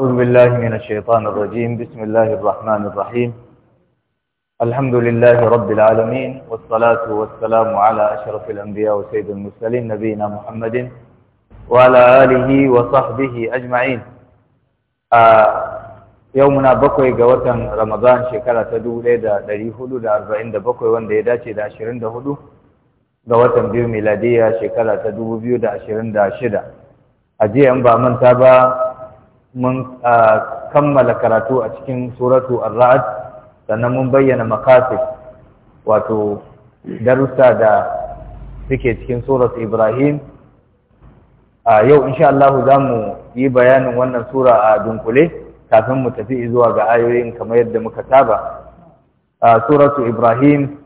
أعوذ بالله من الشيطان الرجيم بسم الله الرحمن الرحيم الحمد لله رب العالمين والصلاة والسلام على أشرف الأنبياء وسيد المرسلين نبينا محمد وعلى آله وصحبه أجمعين آه يومنا بكوي قوتا رمضان شكرا تدو ليدا دري هدو دا أربعين دا بكوي وان دا يداتي دا عشرين دا هدو قوتا بيو ميلادية شكرا تدو بيو دا عشرين دا شدا أجي أنبا من تابا mun kammala karatu a cikin suratu ar-ra'd sannan mun bayyana maqasid wato darussa da suke cikin suratu ibrahim a yau insha Allah zamu yi bayanin wannan sura a dunkule kafin mu tafi zuwa ga ayoyin kamar yadda muka saba suratu ibrahim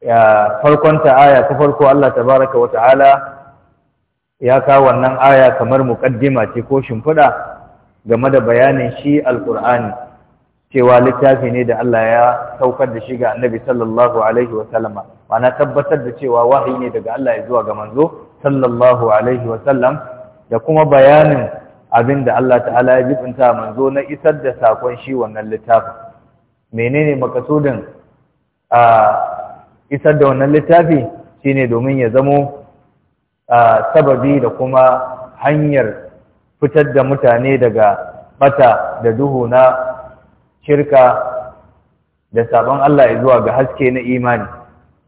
ta aya ta farko Allah tabaraka wa ta'ala ya kawo wannan aya kamar muqaddima ce ko shimfiɗa game da bayanin shi alqur'ani cewa littafi ne da Allah ya saukar da shi ga annabi sallallahu alaihi wa sallama. ma'ana tabbatar da cewa wahayi ne daga Allah ya zuwa ga manzo sallallahu alaihi wa sallam, da kuma bayanin abin da Allah ta'ala ya jibinta manzo na isar da sakon shi wannan littafin menene makasudin a isar da wannan littafi shine domin ya zamo sababi da kuma hanyar fitar da mutane daga bata da duhu na shirka da sabon Allah zuwa ga haske na imani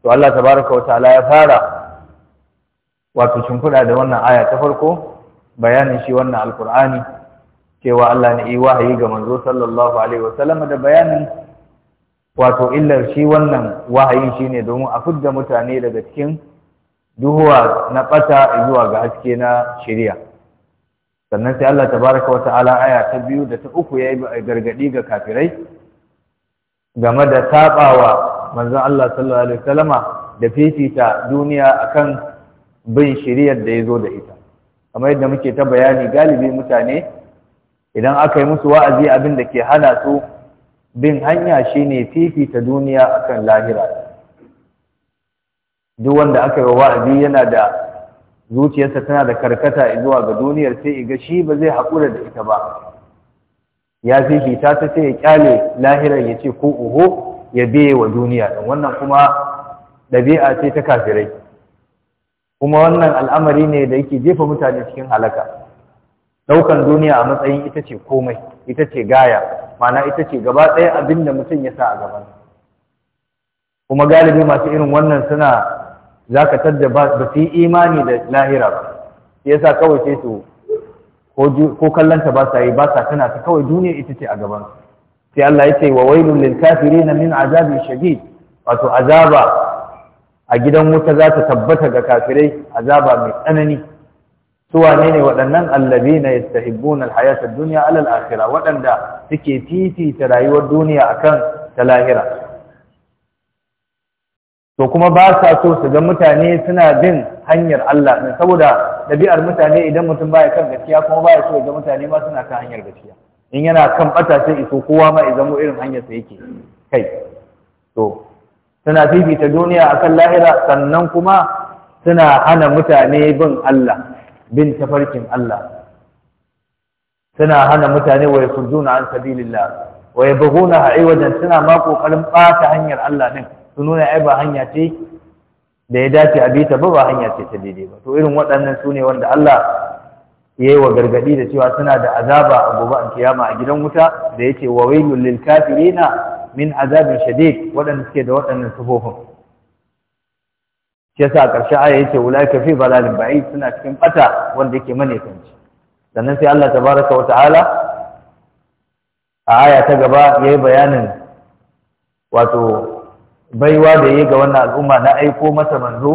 to Allah tabaraka wa ta'ala ya fara wato shimfiɗa da wannan aya ta farko bayanin shi wannan alkur'ani cewa Allah ne wahayi ga manzo sallallahu alaihi wasallam da bayanin wato illar shi wannan wahayi shine domin a fidda mutane daga cikin duhuwa na ɓata zuwa ga haske na shirya sannan sai Allah tabaraka wa ta'ala aya ta biyu da ta uku yayi gargadi ga kafirai game da sabawa manzon Allah sallallahu alaihi wasallama da fifita duniya akan bin shiriyar da yazo da ita kamar yadda muke ta bayani galibi mutane idan aka yi musu wa'azi abin da ke hana su bin hanya shine fifita duniya akan lahira duk wanda aka yi wa'azi yana da zuciyarsa tana da karkata zuwa ga duniyar sai ga shi ba zai haƙura da ita ba ya fi hita ta sai ya kyale lahirar ya ce ko oho ya biye wa duniya ɗin wannan kuma ɗabi'a ce ta kafirai kuma wannan al'amari ne da yake jefa mutane cikin halaka ɗaukan duniya a matsayin ita ce komai ita ce gaya mana ita ce gaba ɗaya abin mutum ya sa a gaban kuma galibi masu irin wannan suna za ka tadda ba su yi imani da lahira ba shi yasa kawai sai su ko kallanta ba sa yi ba sa tana ta kawai duniya ita ce a gaban sai Allah ya ce wa wailul lil kafirin min azabin shadid wato azaba a gidan wuta za ta tabbata ga kafirai azaba mai tsanani su wane ne waɗannan allazina yastahibbuna alhayata ad-dunya ala al-akhirah waɗanda suke titi ta rayuwar duniya akan ta lahira to kuma ba sa so su ga mutane suna bin hanyar Allah ne saboda ɗabi'ar mutane idan mutum baya kan gaskiya kuma baya so ga mutane ma suna kan hanyar gaskiya in yana kan bata sai iso kowa ma ya irin hanyar sa yake kai to suna fifita duniya akan lahira sannan kuma suna hana mutane bin Allah bin tafarkin Allah suna hana mutane wa furduna an sabilillah wa yabghuna aiwajan suna ma kokarin bata hanyar Allah din su nuna ai ba hanya ce da ya dace a bi ta ba ba hanya ce ta daidai ba to irin waɗannan su ne wanda Allah ya yi wa gargaɗi da cewa suna da azaba a gobe an kiyama a gidan wuta da ya ce wa wailul lil kafirina min azabin shadid waɗanda suke da waɗannan sufofin shi yasa a ƙarshe aya yace ka fi balalin ba'id suna cikin bata wanda yake kanci sannan sai Allah tabaraka wa ta'ala a aya ta gaba yayi bayanin wato baiwa da yayi ga wannan al'umma na aiko masa manzo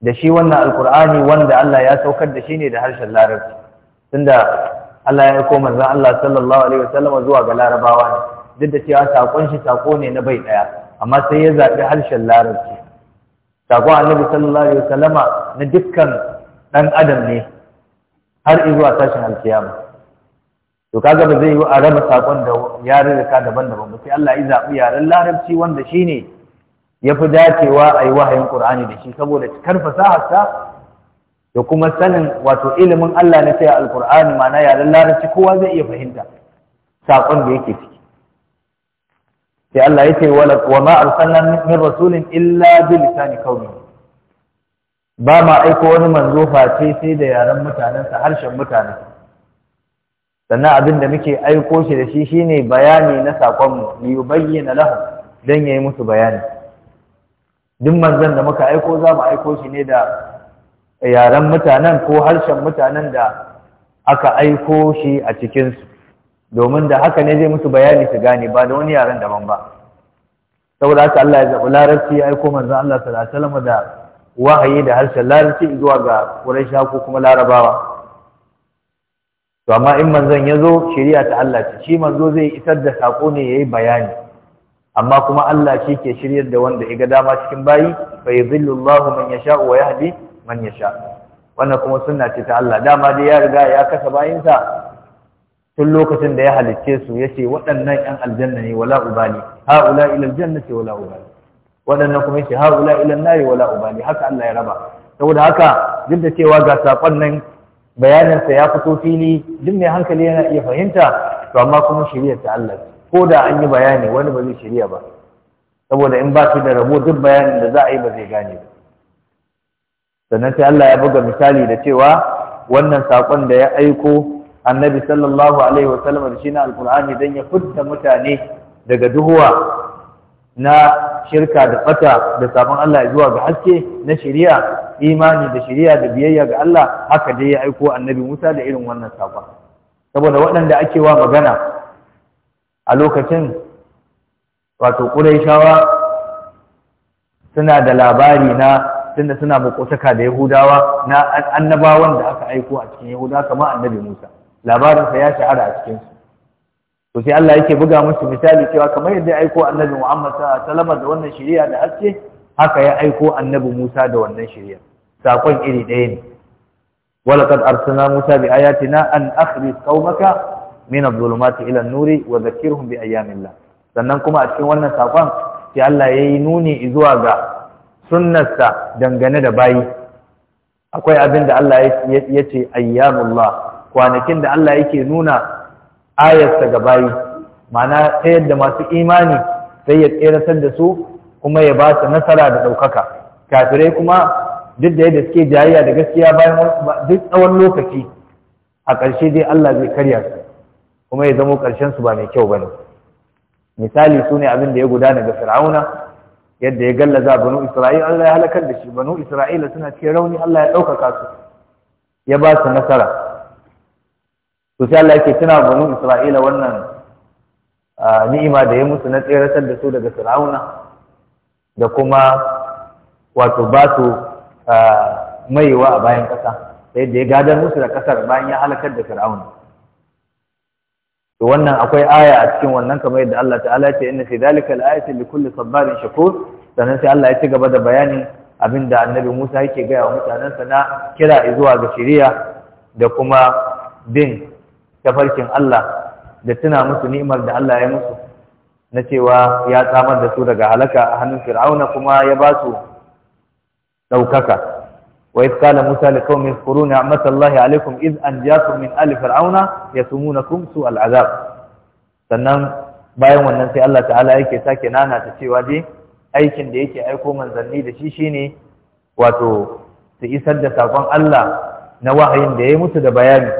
da shi wannan alkur'ani wanda Allah ya saukar da shi ne da harshen larabci tunda Allah ya aiko manzon Allah sallallahu alaihi wasallam zuwa ga larabawa ne duk da cewa sakon shi sako ne na bai daya amma sai ya zaɓi harshen larabci sakon Annabi sallallahu alaihi wasallama na dukkan dan adam ne har zuwa tashin alkiyama to kaga ba zai yi a raba sakon da yarurruka daban-daban ba sai Allah ya zaɓi yaren larabci wanda shine ya fi dacewa a yi wahayin ƙur'ani da shi saboda cikar fasaharsa da kuma sanin wato ilimin Allah na cewa alƙur'ani ma'ana yaren larabci kowa zai iya fahimta sakon da yake ciki sai Allah ya ce wa ma arsalna min rasulin illa bi lisani qaumi ba ma aiko wani manzo face sai da yaren sa, harshen mutane. sannan abin da muke aiko shi da shi shine bayani na saƙonmu li bayyana lahu dan yayi musu bayani duk manzon da muka aiko za mu aiko shi ne da yaren mutanen ko harshen mutanen da aka aiko shi a cikinsu domin da haka ne zai musu bayani su gane ba da wani yaren daban ba saboda haka Allah ya zabi larabci ya aiko manzon Allah sallallahu alaihi wasallam da wahayi da harshen larabci zuwa ga Quraysh ko kuma Larabawa to amma in manzon ya zo shari'a ta Allah ce shi manzo zai isar da sako ne yayi bayani amma kuma Allah shi ke shiryar da wanda iga dama cikin bayi fa yadhillu Allahu man yasha'u wa yahdi man yasha wannan kuma sunna ce ta Allah dama dai ya riga ya kasa bayinsa tun lokacin da ya halicce su yace waɗannan 'yan aljanna ne wala ubali haula ila aljannati wala ubali waɗannan kuma yace haula ila an-nari wala ubani. haka Allah ya raba saboda haka duk da cewa ga sakon nan bayaninsa ya fito fili duk mai hankali yana iya fahimta to amma kuma shari'ar ta Allah ko da an yi bayani wani ba zai shari'a ba saboda in ba shi da rabo duk bayanin da za a yi ba zai gane ba sannan sai Allah ya buga misali da cewa wannan sakon da ya aiko annabi sallallahu alaihi wasallam da shi na alkur'ani dan ya fitta mutane daga duhuwa na shirka da fata da sabon Allah zuwa ga haske na shari'a imani da shari'a da biyayya ga Allah haka dai ya aiko annabi Musa da irin wannan sakon saboda waɗanda ake wa magana a lokacin wato Qurayshawa suna da labari na tunda suna makotaka da Yahudawa na annabawan da aka aiko a cikin Yahudawa kamar annabi Musa Labarin sa ya shahara a cikin su to sai Allah yake buga musu misali cewa kamar yadda ya aiko annabi Muhammad sallallahu alaihi wasallam da wannan shari'a da haske haka ya aiko annabi Musa da wannan shari'a sakon iri ɗaya ne walaqad arsalna musa bi ayatina an akhri qaumaka min adh-dhulumati ila an-nuri wa dhakkirhum bi ayyamillah sannan kuma a cikin wannan sakon sai Allah yayi nuni zuwa ga sunnarsa dangane da bayi akwai abin da Allah ya ce ayyamullah kwanakin da Allah yake nuna ayarsa ga bayi ma'ana ta yadda masu imani sai ya tseratar da su kuma ya ba su nasara da ɗaukaka kafirai kuma duk da yadda suke jayayya da gaskiya bayan duk tsawon lokaci a ƙarshe dai Allah zai karya su kuma ya zamo ƙarshen su ba mai kyau bane misali sune abinda abin da ya gudana ga fir'auna yadda ya gallaza banu isra'ila Allah ya halakar da shi banu isra'ila suna cikin rauni Allah ya ɗaukaka su ya ba su nasara to sai Allah yake tuna banu isra'ila wannan ni'ima da ya musu na tseratar da su daga fir'auna da kuma wato ba su maiwa a bayan ƙasa sai da ya gadar musu da ƙasar bayan ya halakar da fir'auna to wannan akwai aya a cikin wannan kamar yadda Allah ta'ala ya ce inna fi dhalika al ayati li kulli sabarin shakur sannan sai Allah ya ci gaba da bayanin abinda annabi Musa yake gaya wa sa na kira zuwa ga shari'a da kuma bin tafarkin Allah da tuna musu ni'imar da Allah ya musu na cewa ya tsamar da su daga halaka a hannun fir'auna kuma ya ba su ɗaukaka wa iz qala musa liqaumin furu ni'matallahi alaikum iz anjakum min ali fir'auna yasumunakum su'al azab sannan bayan wannan sai Allah ta'ala yake sake nana ta cewa dai aikin da yake aiko manzanni da shi shine wato su isar da sakon Allah na wahayin da ya mutu da bayani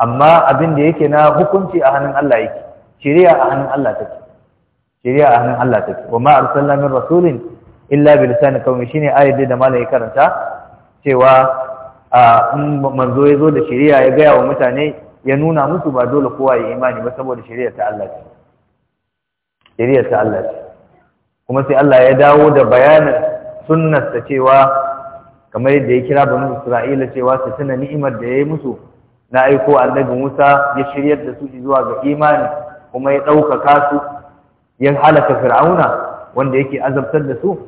amma abin da yake na hukunci a hannun Allah yake shari'a a hannun Allah take shari'a a hannun Allah take wa ma arsalna min rasulin illa bi lisani qaumi shine ayat da malai karanta cewa manzo ya zo da shari'a ya gaya wa mutane ya nuna musu ba dole kowa ya imani ba saboda shari'a ta Allah ce shari'a ta Allah ce kuma sai Allah ya dawo da bayanin sunnar ta cewa kamar yadda ya kira banu Isra'ila cewa ta tana ni'imar da ya yi musu na aiko annabi Musa ya shiryar da su zuwa ga imani kuma ya ɗaukaka kasu yan halaka Fir'auna wanda yake azabtar da su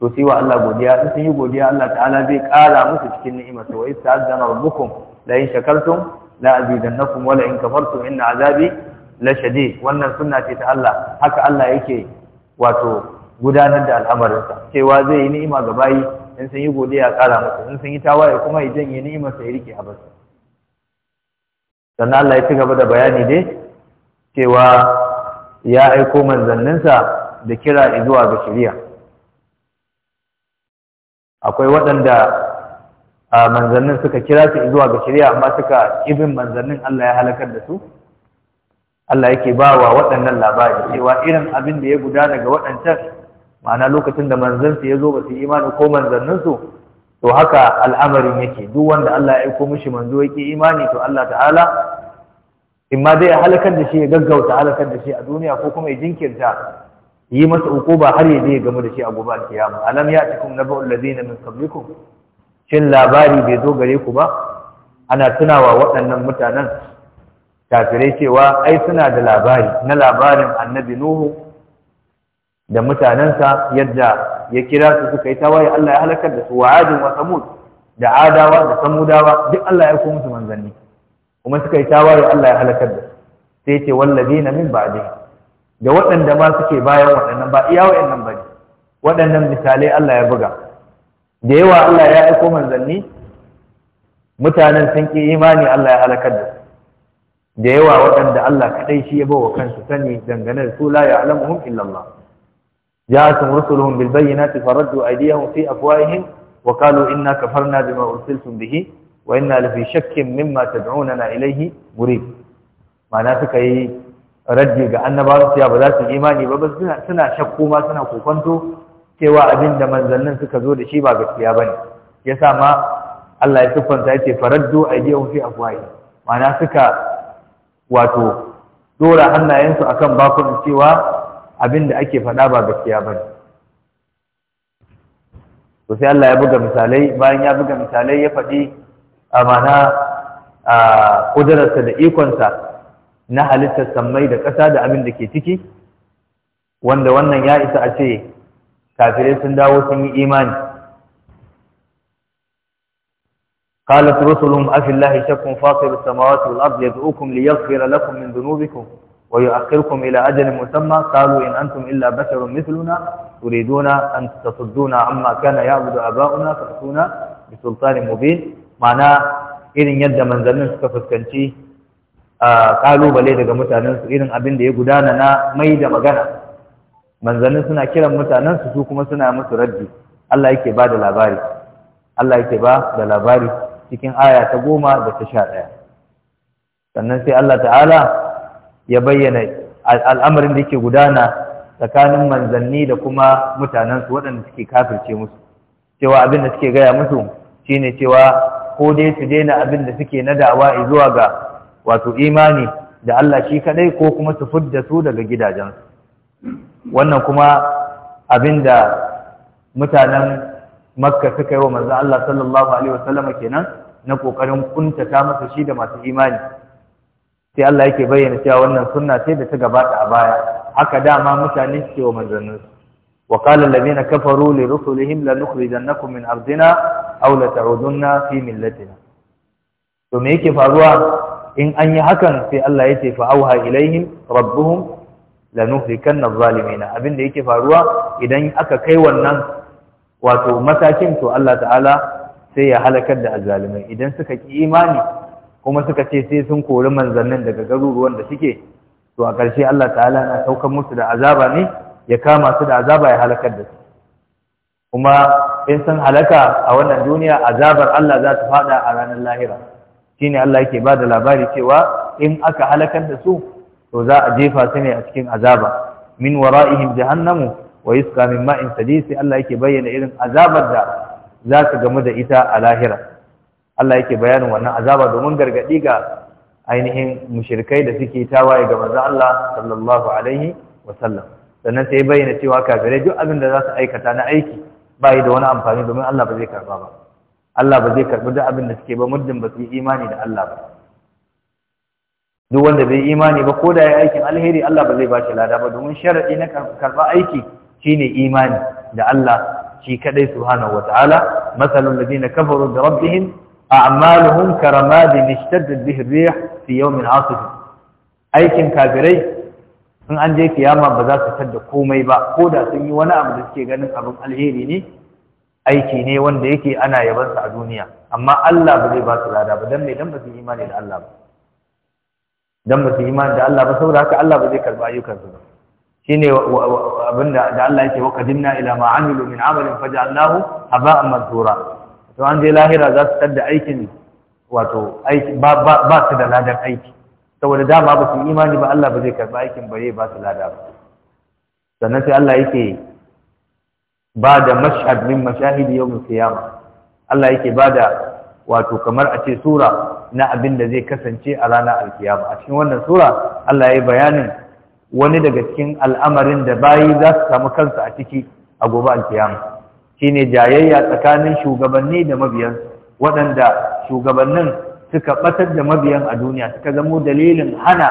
to sai wa Allah godiya in sun yi godiya Allah ta'ala zai kara musu cikin ni'imar sa wa ista'adana rabbukum la in shakartum la azidannakum wa la in kafartum inna azabi la shadid wannan sunna ce ta Allah haka Allah yake wato gudanar da al'amarinsa cewa zai yi ni'ima ga bayi in sun yi godiya kara musu in sun yi tawaye kuma ya janye ni'ima sai ya rike a basa sannan Allah ya ci gaba da bayani dai cewa ya aiko manzanninsa da kira zuwa ga shari'a akwai waɗanda manzannin suka kira su zuwa ga shari'a amma suka ibin manzannin Allah ya halakar da su Allah yake ba wa waɗannan labari cewa irin abin da ya gudana ga waɗancan ma'ana lokacin da manzansu ya zo ba su imani ko manzanninsu to haka al'amarin yake duk wanda Allah ya aiko mishi manzo yake imani to Allah ta'ala in ma dai ya halakar da shi ya gaggauta halakar da shi a duniya ko kuma ya jinkirta yi masa ukuba har ya je game da shi a gobe alkiyama. alam ya tikum naba'ul ladina min qablikum shin labari bai zo gare ku ba ana tunawa waɗannan mutanen kafirai cewa ai suna da labari na labarin annabi nuhu da mutanensa yadda ya kira su suka yi tawaye Allah ya halakar da su wa adin wa samud da adawa da samudawa duk Allah ya kuma musu manzanni kuma suka yi tawaye Allah ya halakar da su sai ce wallazina min ba'dihim da waɗanda ma suke bayan waɗannan ba iya waɗannan ba ne waɗannan misalai Allah ya buga da yawa Allah ya aiko manzanni mutanen sun ƙi imani Allah ya halakar da su da yawa waɗanda Allah kaɗai shi ya bawa kansu sani dangane da su la ya'lamuhum illa Allah ja'atun rusuluhum bil bayyinati faraddu aydiyahum fi afwahihim wa qalu inna kafarna bima ursiltum bihi wa inna lafi shakkin mimma tad'unana ilayhi murib ma'ana suka yi raddi ga annaba su ba za su imani ba ba. suna shakku ma suna kokonto cewa abin da manzannin suka zo da shi ba gaskiya Ya sa ma Allah ya siffanta yace faraddu aydihum fi ma'ana suka wato dora hannayensu akan bakon cewa abin da ake faɗa ba gaskiya bane to sai Allah ya buga misalai bayan ya buga misalai ya faɗi amana a ƙudurarsa da ikonsa na halittar sammai da ƙasa da abin da ke ciki wanda wannan ya isa a ce kafirai sun dawo sun yi imani قالت رسلهم أفي الله شك فاطر السماوات والأرض يدعوكم ليغفر لكم من ذنوبكم ويؤخركم إلى أجل مسمى قالوا إن أنتم إلا بشر مثلنا تريدون أن تصدونا عما كان يعبد آباؤنا فأتونا بسلطان مبين معناه إذن يد من ذنب كفت كنشي kalubale daga mutanensu irin abin da ya gudana na mai da magana manzannin suna kiran mutanensu su kuma suna musu raddi Allah yake ba da labari Allah yake ba da labari cikin aya ta goma da ta sha ɗaya sannan sai Allah ta'ala ya bayyana al'amarin da yake gudana tsakanin manzanni da kuma mutanensu waɗanda suke kafirce musu cewa abin da suke gaya musu shine cewa ko dai su daina abin da suke na da'awa zuwa ga wato imani da Allah shi kadai ko kuma su fudda su daga gidajensu wannan kuma abinda mutanen makka suka yi wa manzo Allah sallallahu alaihi wasallam kenan na kokarin kuntata masa shi da masu imani sai Allah yake bayyana cewa wannan sunna ce da ta gabata a baya haka dama mutane ke wa manzannin su wa qala allazina kafaru li rusulihim lanukhrijannakum min ardina aw la ta'udunna fi millatina to me yake faruwa in an yi hakan sai Allah ya ce fa auha ilaihim rabbuhum lanuhlikanna zalimina abin da yake faruwa idan aka kai wannan wato matakin to Allah ta'ala sai ya halakar da azzalimai idan suka ki imani kuma suka ce sai sun kori manzannin daga garuruwan da suke to a ƙarshe Allah ta'ala na saukar musu da azaba ne ya kama su da azaba ya halakar da su kuma in sun halaka a wannan duniya azabar Allah za ta faɗa a ranar lahira ne Allah yake bada labari cewa in aka halakar da su to za a jefa su ne a cikin azaba min wara'ihim jahannamu wa yusqa min ma'in sadid Allah yake bayyana irin azabar da za su gamu da ita a lahira Allah yake bayanin wannan azaba domin gargadi ga ainihin mushrikai da suke tawaye ga manzo Allah sallallahu alaihi wa sallam sannan sai bayyana cewa kafirai duk abin da za su aikata na aiki ba yi da wani amfani domin Allah ba zai karba ba Allah ba zai karɓi duk abin da suke ba muddin ba su yi imani da Allah ba duk wanda bai imani ba ko da ya aikin alheri Allah ba zai ba shi lada ba domin sharaɗi na karɓa aiki shine imani da Allah shi kadai subhanahu wataala masalul ladina kafaru da rabbihim a'maluhum karamadin ishtaddat bihi ar-rih fi yawmin 'asif aikin kafirai in an je kiyama ba za su tada komai ba ko da sun yi wani abu da suke ganin abin alheri ne aiki ne wanda yake ana yabansa a duniya amma Allah ba zai ba su lada ba dan me dan ba su imani da Allah ba dan ba su imani da Allah ba saboda haka Allah ba zai karba ayyukansu ba shine abinda da Allah yake wa qadimna ila ma amilu min amalin faj'alnahu haba'an mansura to an je lahira za su tada aikin wato aiki ba ba su da ladan aiki saboda dama ba su imani ba Allah ba zai karba aikin zai ba su lada ba sannan sai Allah yake ba da mashhad min mashahidi yawm al-qiyama Allah yake ba da wato kamar a ce sura na abin da zai kasance a ranar alkiyama a cikin wannan sura Allah ya yi bayanin wani daga cikin al'amarin da bayi za su samu kansu a ciki a gobe alkiyama shine jayayya tsakanin shugabanni da mabiyan waɗanda shugabannin suka batar da mabiyan a duniya suka zamo dalilin hana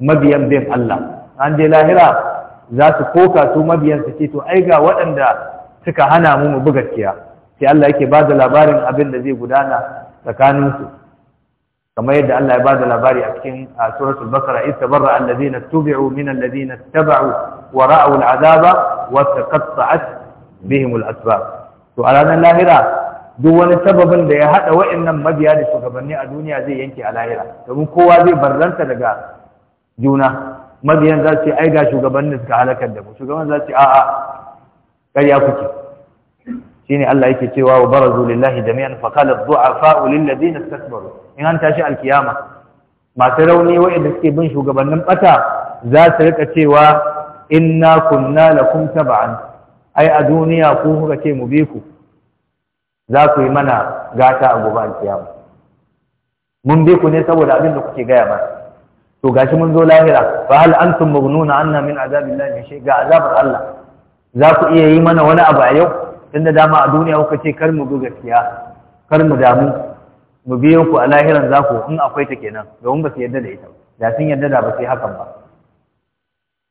mabiyan bin Allah an je lahira za su koka su mabiyan su ce to ai ga waɗanda suka hana mu mu buga gaskiya sai Allah yake ba da labarin abin da zai gudana tsakanin su kamar yadda Allah ya ba da labari a cikin suratul bakara id tabarra allazina tubi'u min allazina tabau wa ra'u al'azaba wa taqatta'at bihim al'asbab to a ranar lahira duk wani sababin da ya hada wa'annan mabiya da shugabanni a duniya zai yanke a lahira domin kowa zai barranta daga juna mabiyan za su ce ai ga shugabannin suka halakar da mu shugaban za su ce a'a ƙarya kuke shine Allah yake cewa wa barazu lillahi jami'an fa qala a duafa lil ladina istakbaru in an tashi alkiyama masu rauni wa'anda suke bin shugabannin bata za su rika cewa inna kunna lakum tab'an ai a duniya ku kuka ce mu bi ku za ku yi mana gata a gobe alkiyama mun bi ku ne saboda abin da kuke gaya mana to gashi mun zo lahira fa hal antum mughnuna anna min azabillahi shay ga azabar Allah za ku iya yi mana wani abu a yau tunda dama a duniya kuka ce kar mu bi gaskiya kar mu damu mu biyo ku a lahiran za ku in akwai ta kenan domin ba su yarda da ita da sun yarda da ba su yi hakan ba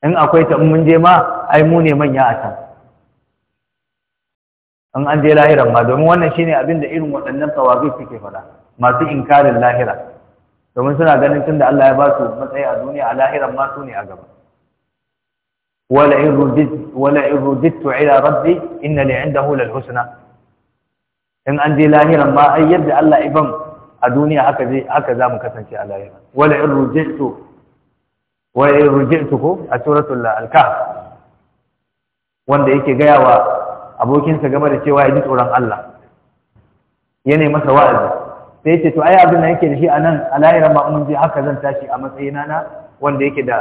in akwai ta in mun je ma ai mu ne manya a can in an je lahiran ma domin wannan shine abin da irin waɗannan tawazu suke faɗa masu inkarin lahira domin suna ganin tun da Allah ya ba su matsayi a duniya a lahiran ma su ne a gaba wala in rudit wala in ruditu ila rabbi inna li indahu lal husna in an je lahiran ma ai yadda Allah ibam a duniya haka je haka zamu kasance a lahiran wala in ruditu wa in ruditu ko a suratul al-kahf wanda yake gaya wa abokinsa game da cewa ya ji tsoron Allah ya masa wa'azi sai ce to ai abin da yake da shi a nan a lahiran ma'amun mun haka zan tashi a matsayina na wanda yake da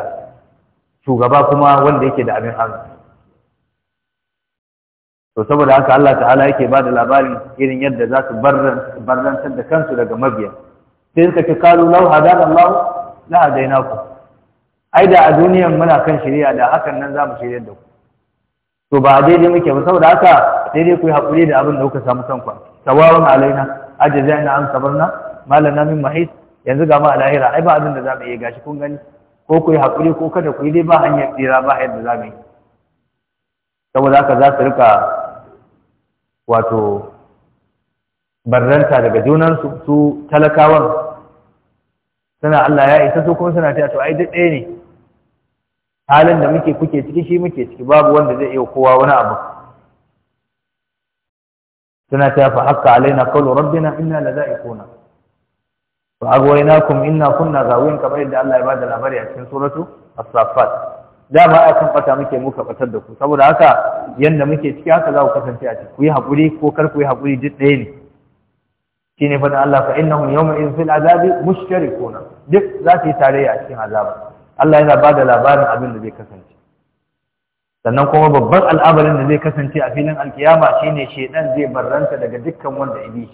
shugaba kuma wanda yake da abin hannu to saboda haka Allah ta'ala yake ba da labarin irin yadda za su barrantar da kansu daga mabiya sai suka ci kalu lau hadana na la ku ai da a duniyan muna kan shirya da hakan nan za mu shirya da ku to ba daidai muke ba saboda haka daidai ku yi haƙuri da abin da kuka samu kanku tawawan alaina Aje zai na an malam na min mahis yanzu ga ma lahira ai ba abin da mu yi gashi kun gani ko ku yi hakuri ko kada ku yi dai ba hanyar tsira ba yadda mu yi saboda haka za su rika wato barranta daga junansu su talakawan suna Allah ya isa su kuma suna ta to ai duk ɗaya ne halin da muke kuke ciki shi muke ciki babu wanda zai iya kowa wani abu suna ta fa haka, alaina qawlu rabbina inna ladaiquna wa aghwaynakum inna kunna ghawin kamar yadda Allah ya da labari a cikin suratu as Da ba a kan bata muke muka batar da ku saboda haka yadda muke ciki haka za ku kasance a ciki ku yi hakuri ko kar ku yi hakuri duk ɗaya ne ne fa Allah fa innahum yawma idhin fil azabi mushtarikuna duk za su yi tare a cikin azaba Allah yana da labarin abin da zai kasance sannan kuma babban al'amarin da zai kasance a filin alkiyama shine shaidan zai barranta daga dukkan wanda ibi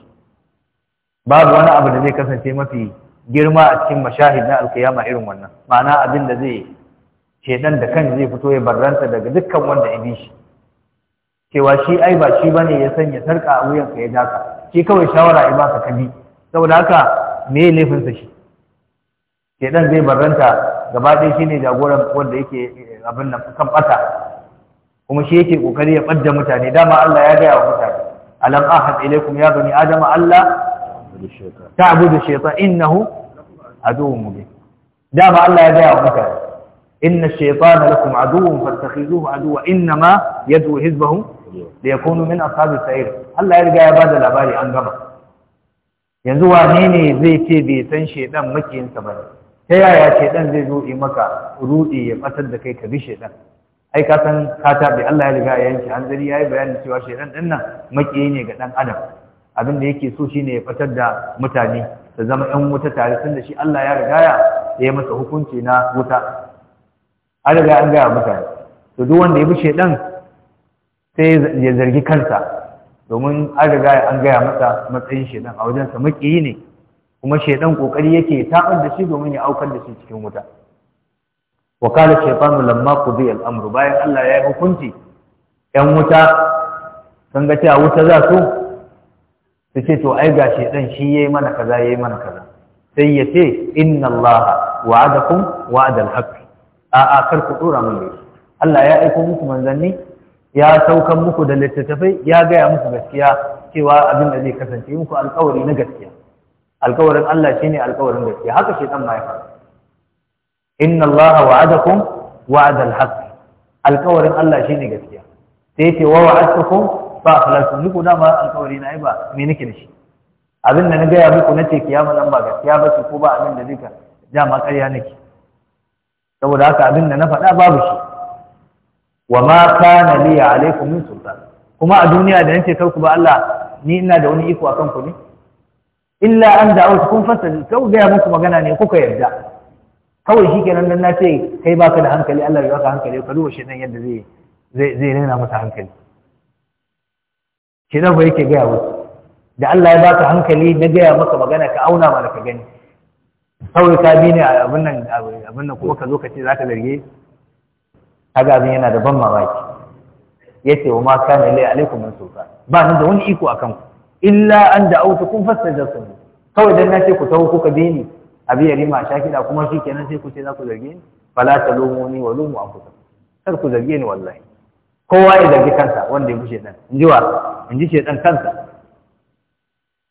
babu wani abu da zai kasance mafi girma a cikin mashahid na alkiyama irin wannan ma'ana abin da zai shaidan da kan zai fito ya barranta daga dukkan wanda ibi shi cewa shi ai ba shi bane ya sanya sarka a wuyan ka ya daka shi kawai shawara ya baka kabi saboda haka me laifinsa shi Shaidan zai barranta gaba ɗaya shine jagoran wanda yake eh, abin nan kan bata kuma shi yake kokari ya fadda mutane dama Allah ya gaya wa mutane alam ahad ilaykum ya bani adam Allah ta'budu shaytan innahu aduwwun mubin dama Allah ya gaya wa mutane inna ash-shaytana lakum aduwwun fattakhizuhu aduwwa inma yad'u hizbahu liyakunu min ashabis sa'ir Allah ya riga ya bada labari an gama yanzu wane ne zai ce bai san shedan makiyinsa ba ta yaya shedan zai zo maka rudi ya fatar da kai ka bi shedan ai ka san ka tabe Allah ya riga ya yanke hanzari yayi bayanin cewa shedan din nan maki ne ga dan adam abin da yake so shine ya fitar da mutane da zama ɗan wuta tare tunda shi Allah ya riga ya yi masa hukunci na wuta a riga an gaya mutane to duk wanda ya bi shedan sai ya zargi kansa domin an riga an gaya masa matsayin shedan a wajen sa maki ne kuma shedan kokari yake tabar da shi domin ya aukar da shi cikin wuta wa kana shaytanu lamma qudi al bayan Allah ya yi hukunci yan wuta sun ga cewa wuta za su su ce to ai gashi dan shi yi mana kaza yi mana kaza sai ya ce inna Allah wa'adakum wa'ada haqq a a kar ku dora mun ne Allah ya aika muku manzanni ya saukan muku da littattafai ya gaya muku gaskiya cewa abin da zai kasance muku alƙawari na gaskiya alƙawarin Allah shine alƙawarin gaskiya haka shaytan ma ya faru inna allaha wa'adakum wa'ada al-haqq alkawarin Allah shine gaskiya sai yace wa wa'adtukum fa akhlaftu ni kuna ma alkawari na ba me nake da shi abin da na gaya muku nace kiyama nan ba gaskiya ba ce ko ba abin da zika ƙarya nake saboda haka abin da na faɗa babu shi wa ma kana li alaikum min sultan kuma a duniya da nace karku ba Allah ni ina da wani iko akan ku ne illa an da'awtukum fastajabtum gaya muku magana ne kuka yarda kawai shi kenan nan na ce kai baka da hankali Allah ya baka hankali ka duba shedan yadda zai zai zai rena masa hankali shedan ba yake gaya wasu da Allah ya baka hankali na gaya maka magana ka auna mana ka gani kawai ka bi ne abin nan abin nan kuma ka zo ka ce zaka zarge kaga abin yana da ban mamaki yace wa ma kana lai alaikum min sultan ba nan da wani iko akan ku illa an da'awtukum fastajartum kawai dan na ce ku tawo kuka bi ni abi ya rima shakida kuma shi kenan sai ku ce za ku zarge ni fala ni wa an kusa. kar ku zarge ni wallahi kowa ya zargi kansa wanda ya bushe dan in ji wa in ji shedan kansa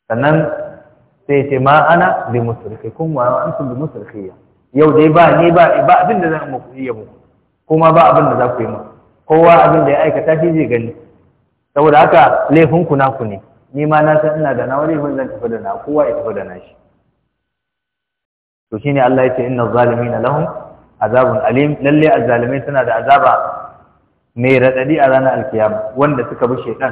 sannan sai ce ma ana bi kun wa antum bi ya yau dai ba ni ba ba abin da zan muku yi muku kuma ba abin da za ku yi mu kowa abin da ya aikata shi zai gani saboda haka laifin ku naku ne ni ma na san ina da nawa laifin zan tafi da na kowa ya tafi da shi. to shine Allah yace innal zalimin lahum azabun alim lalle azzalimai suna da azaba mai radadi a ranar alkiyama wanda suka bi shedan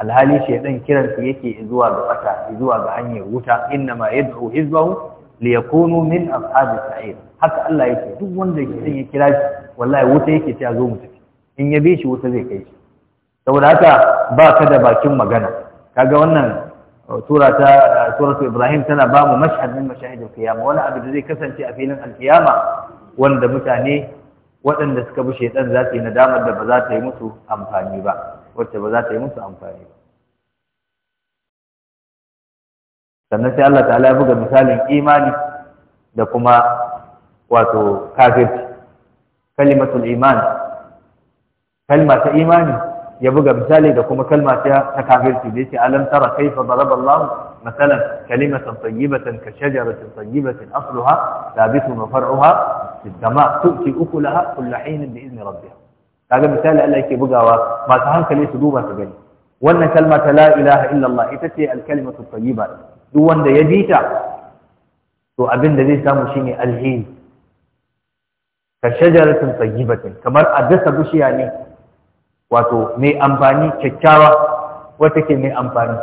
alhali shedan kiran su yake zuwa ga fata zuwa ga hanyar wuta innama yad'u hizbahu liyakunu min ashabis sa'ir haka Allah yace duk wanda son ya kira shi wallahi wuta yake ta zo mu tafi in ya bi shi wuta zai kai shi saboda haka ba ka da bakin magana kaga wannan sura ta eh, suratu ibrahim tana ba mu mashhad min mashahidil qiyama wani abu da zai kasance a filin alkiyama wanda mutane waɗanda suka bi shaidan za su yi nadamar da ba za ta yi musu amfani ba wacce ba za ta yi musu amfani ba sannan sai Allah ta'ala ya buga misalin imani da kuma wato kafirci kalimatul iman kalma ta imani ya buga misali da kuma kalma ta kafirci da yake alam tara kaifa daraba Allah مثلا كلمة طيبة كشجرة طيبة أصلها ثابت وفرعها في السماء تؤتي أكلها كل حين بإذن ربها kaga misali Allah yake bugawa masu hankali su duba su gani wannan kalma ta la ilaha allah ita ce alkalimatu tayyiba duk wanda ya ji ta to abin da zai samu shine alheri ka shajaratin tayyibatin kamar a dasa bishiya ne wato mai amfani kyakkyawa wata ke mai amfani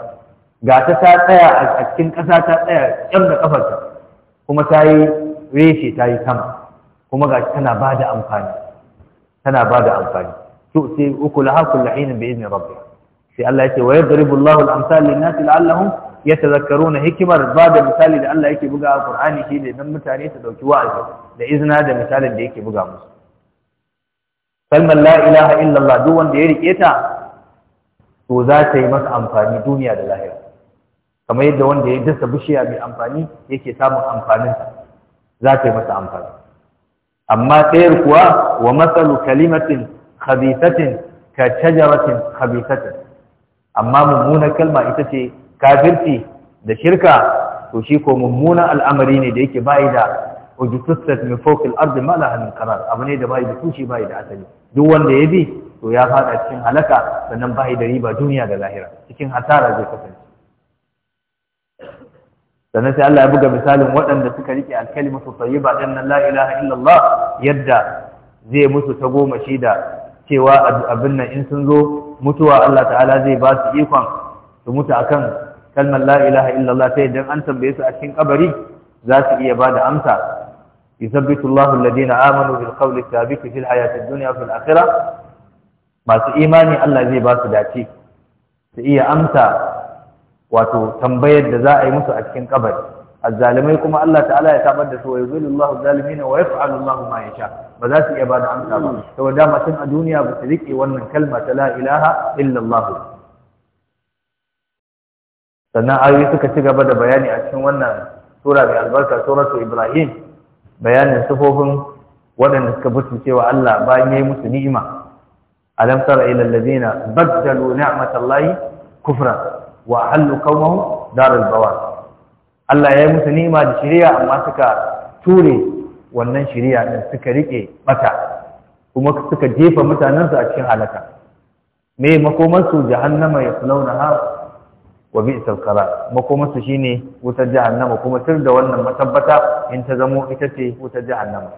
ga ta ta tsaya a cikin ƙasa ta tsaya ƙyam da ƙafarta kuma ta yi reshe ta yi sama kuma ga tana ba da amfani tana ba da amfani to sai uku laha kullu hinin bi idni rabbi sai Allah yake wa yadribu Allahu al-amsal ya ta zakaru, na hikimar ba da misali da Allah yake buga a Qur'ani shi ne dan mutane su ɗauki wa'azi da izina da misalin da yake buga musu kalmar la ilaha illallah duk wanda ya rike ta to za ta yi masa amfani duniya da lahira kamar yadda wanda ya dasa bishiya mai amfani yake samun amfanin za ta yi masa amfani amma tsayar kuwa wa matsalu kalimatin khabisatin ka shajaratin khabisatin amma mummunar kalma ita ce kafirci da shirka to shi ko mummuna al'amari ne da yake bayi da wajitussat mai fawqil ardi ma laha min qarar abu ne da bai da tushe bai da asali duk wanda ya bi to ya fada cikin halaka sannan bai da riba duniya da lahira cikin hasara zai kasance sannan sai Allah ya buga misalin waɗanda suka rike alkalimatu tayyiba din nan la illallah yadda zai musu ta goma shi da cewa abin nan in sun zo mutuwa Allah ta'ala zai ba su ikon su mutu akan kalmar la'ilaha illallah sai idan an tambaye su a cikin kabari za su iya ba da amsa يثبت الله الذين آمنوا بالقول الثابت في الحياة الدنيا وفي الآخرة ما إيماني الله زي باس داتي سئي amsa wato tambayar da za a yi musu a cikin kabari azzalimai kuma Allah ta'ala ya tabar da su wa yuzillu Allahu zalimina wa yaf'alu Allahu ma yasha ba za su iya ba da amsa ba saboda masu tun a duniya ba su rike wannan kalma ta la ilaha illa Allah sannan ayoyi suka ci gaba da bayani a cikin wannan sura mai albarka suratu Ibrahim bayanin sifofin waɗanda suka butu cewa Allah bayan ya yi musu ni'ima alam tara ila allazina baddalu ni'matallahi kufra wa halu qawmahum darul bawar Allah ya yi musu ni'ima da shari'a amma suka ture wannan shari'a din suka rike bata kuma suka jefa mutanensu a cikin halaka me makomansu jahannama yaslaunaha wa bi'sal qarar makoma su shine wutar jihannama. kuma tur da wannan matabbata in ta zamo ita ce wutar jihannama.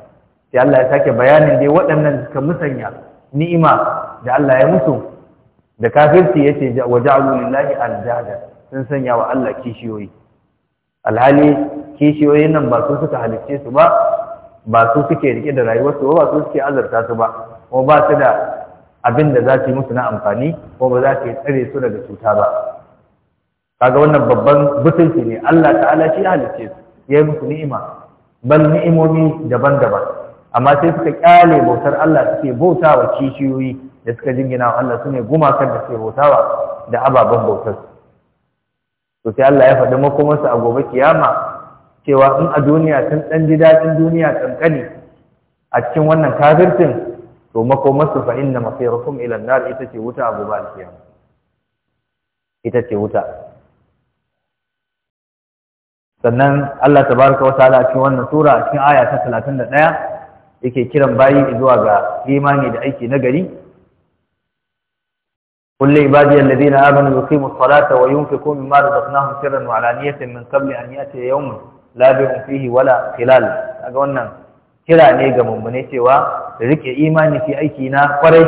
sai Allah ya sake bayanin dai waɗannan suka musanya ni'ima da Allah ya musu da kafirci ce wa ja'alu lillahi al-jahda sun sanya wa Allah kishiyoyi alhali kishiyoyin nan ba su suka halicce su ba ba su suke rike da rayuwarsu ba su suke azarta su ba ko ba su da abin da za su yi musu na amfani ko ba za su tsare su daga cuta ba kaga wannan babban butulci ne Allah ta'ala shi halicce su ya yi musu ni'ima bal ni'imomi daban-daban amma sai suka kyale bautar Allah suke bautawa kishiyoyi da suka jingina wa Allah sune gumakar da suke bautawa da ababen bautar to sai Allah ya faɗi makomarsu a gobe kiyama cewa in a duniya tun ɗan ji daɗin duniya kankani a cikin wannan kafircin to makomarsu fa inna masirakum ila nar ita ce wuta a gobe kiyama ita ce wuta sannan Allah tabaraka wataala a cikin wannan sura a cikin aya ta 31 yake kiran bayi zuwa ga imani da aiki na gari kulli ibadi alladhina amanu yuqimu as-salata wa yunfiqu mimma razaqnahum sirran wa alaniyatan min qabli an yati yawmun la bay'un fihi wala khilal kaga wannan kira ne ga mummune cewa da rike imani fi aiki na kwarai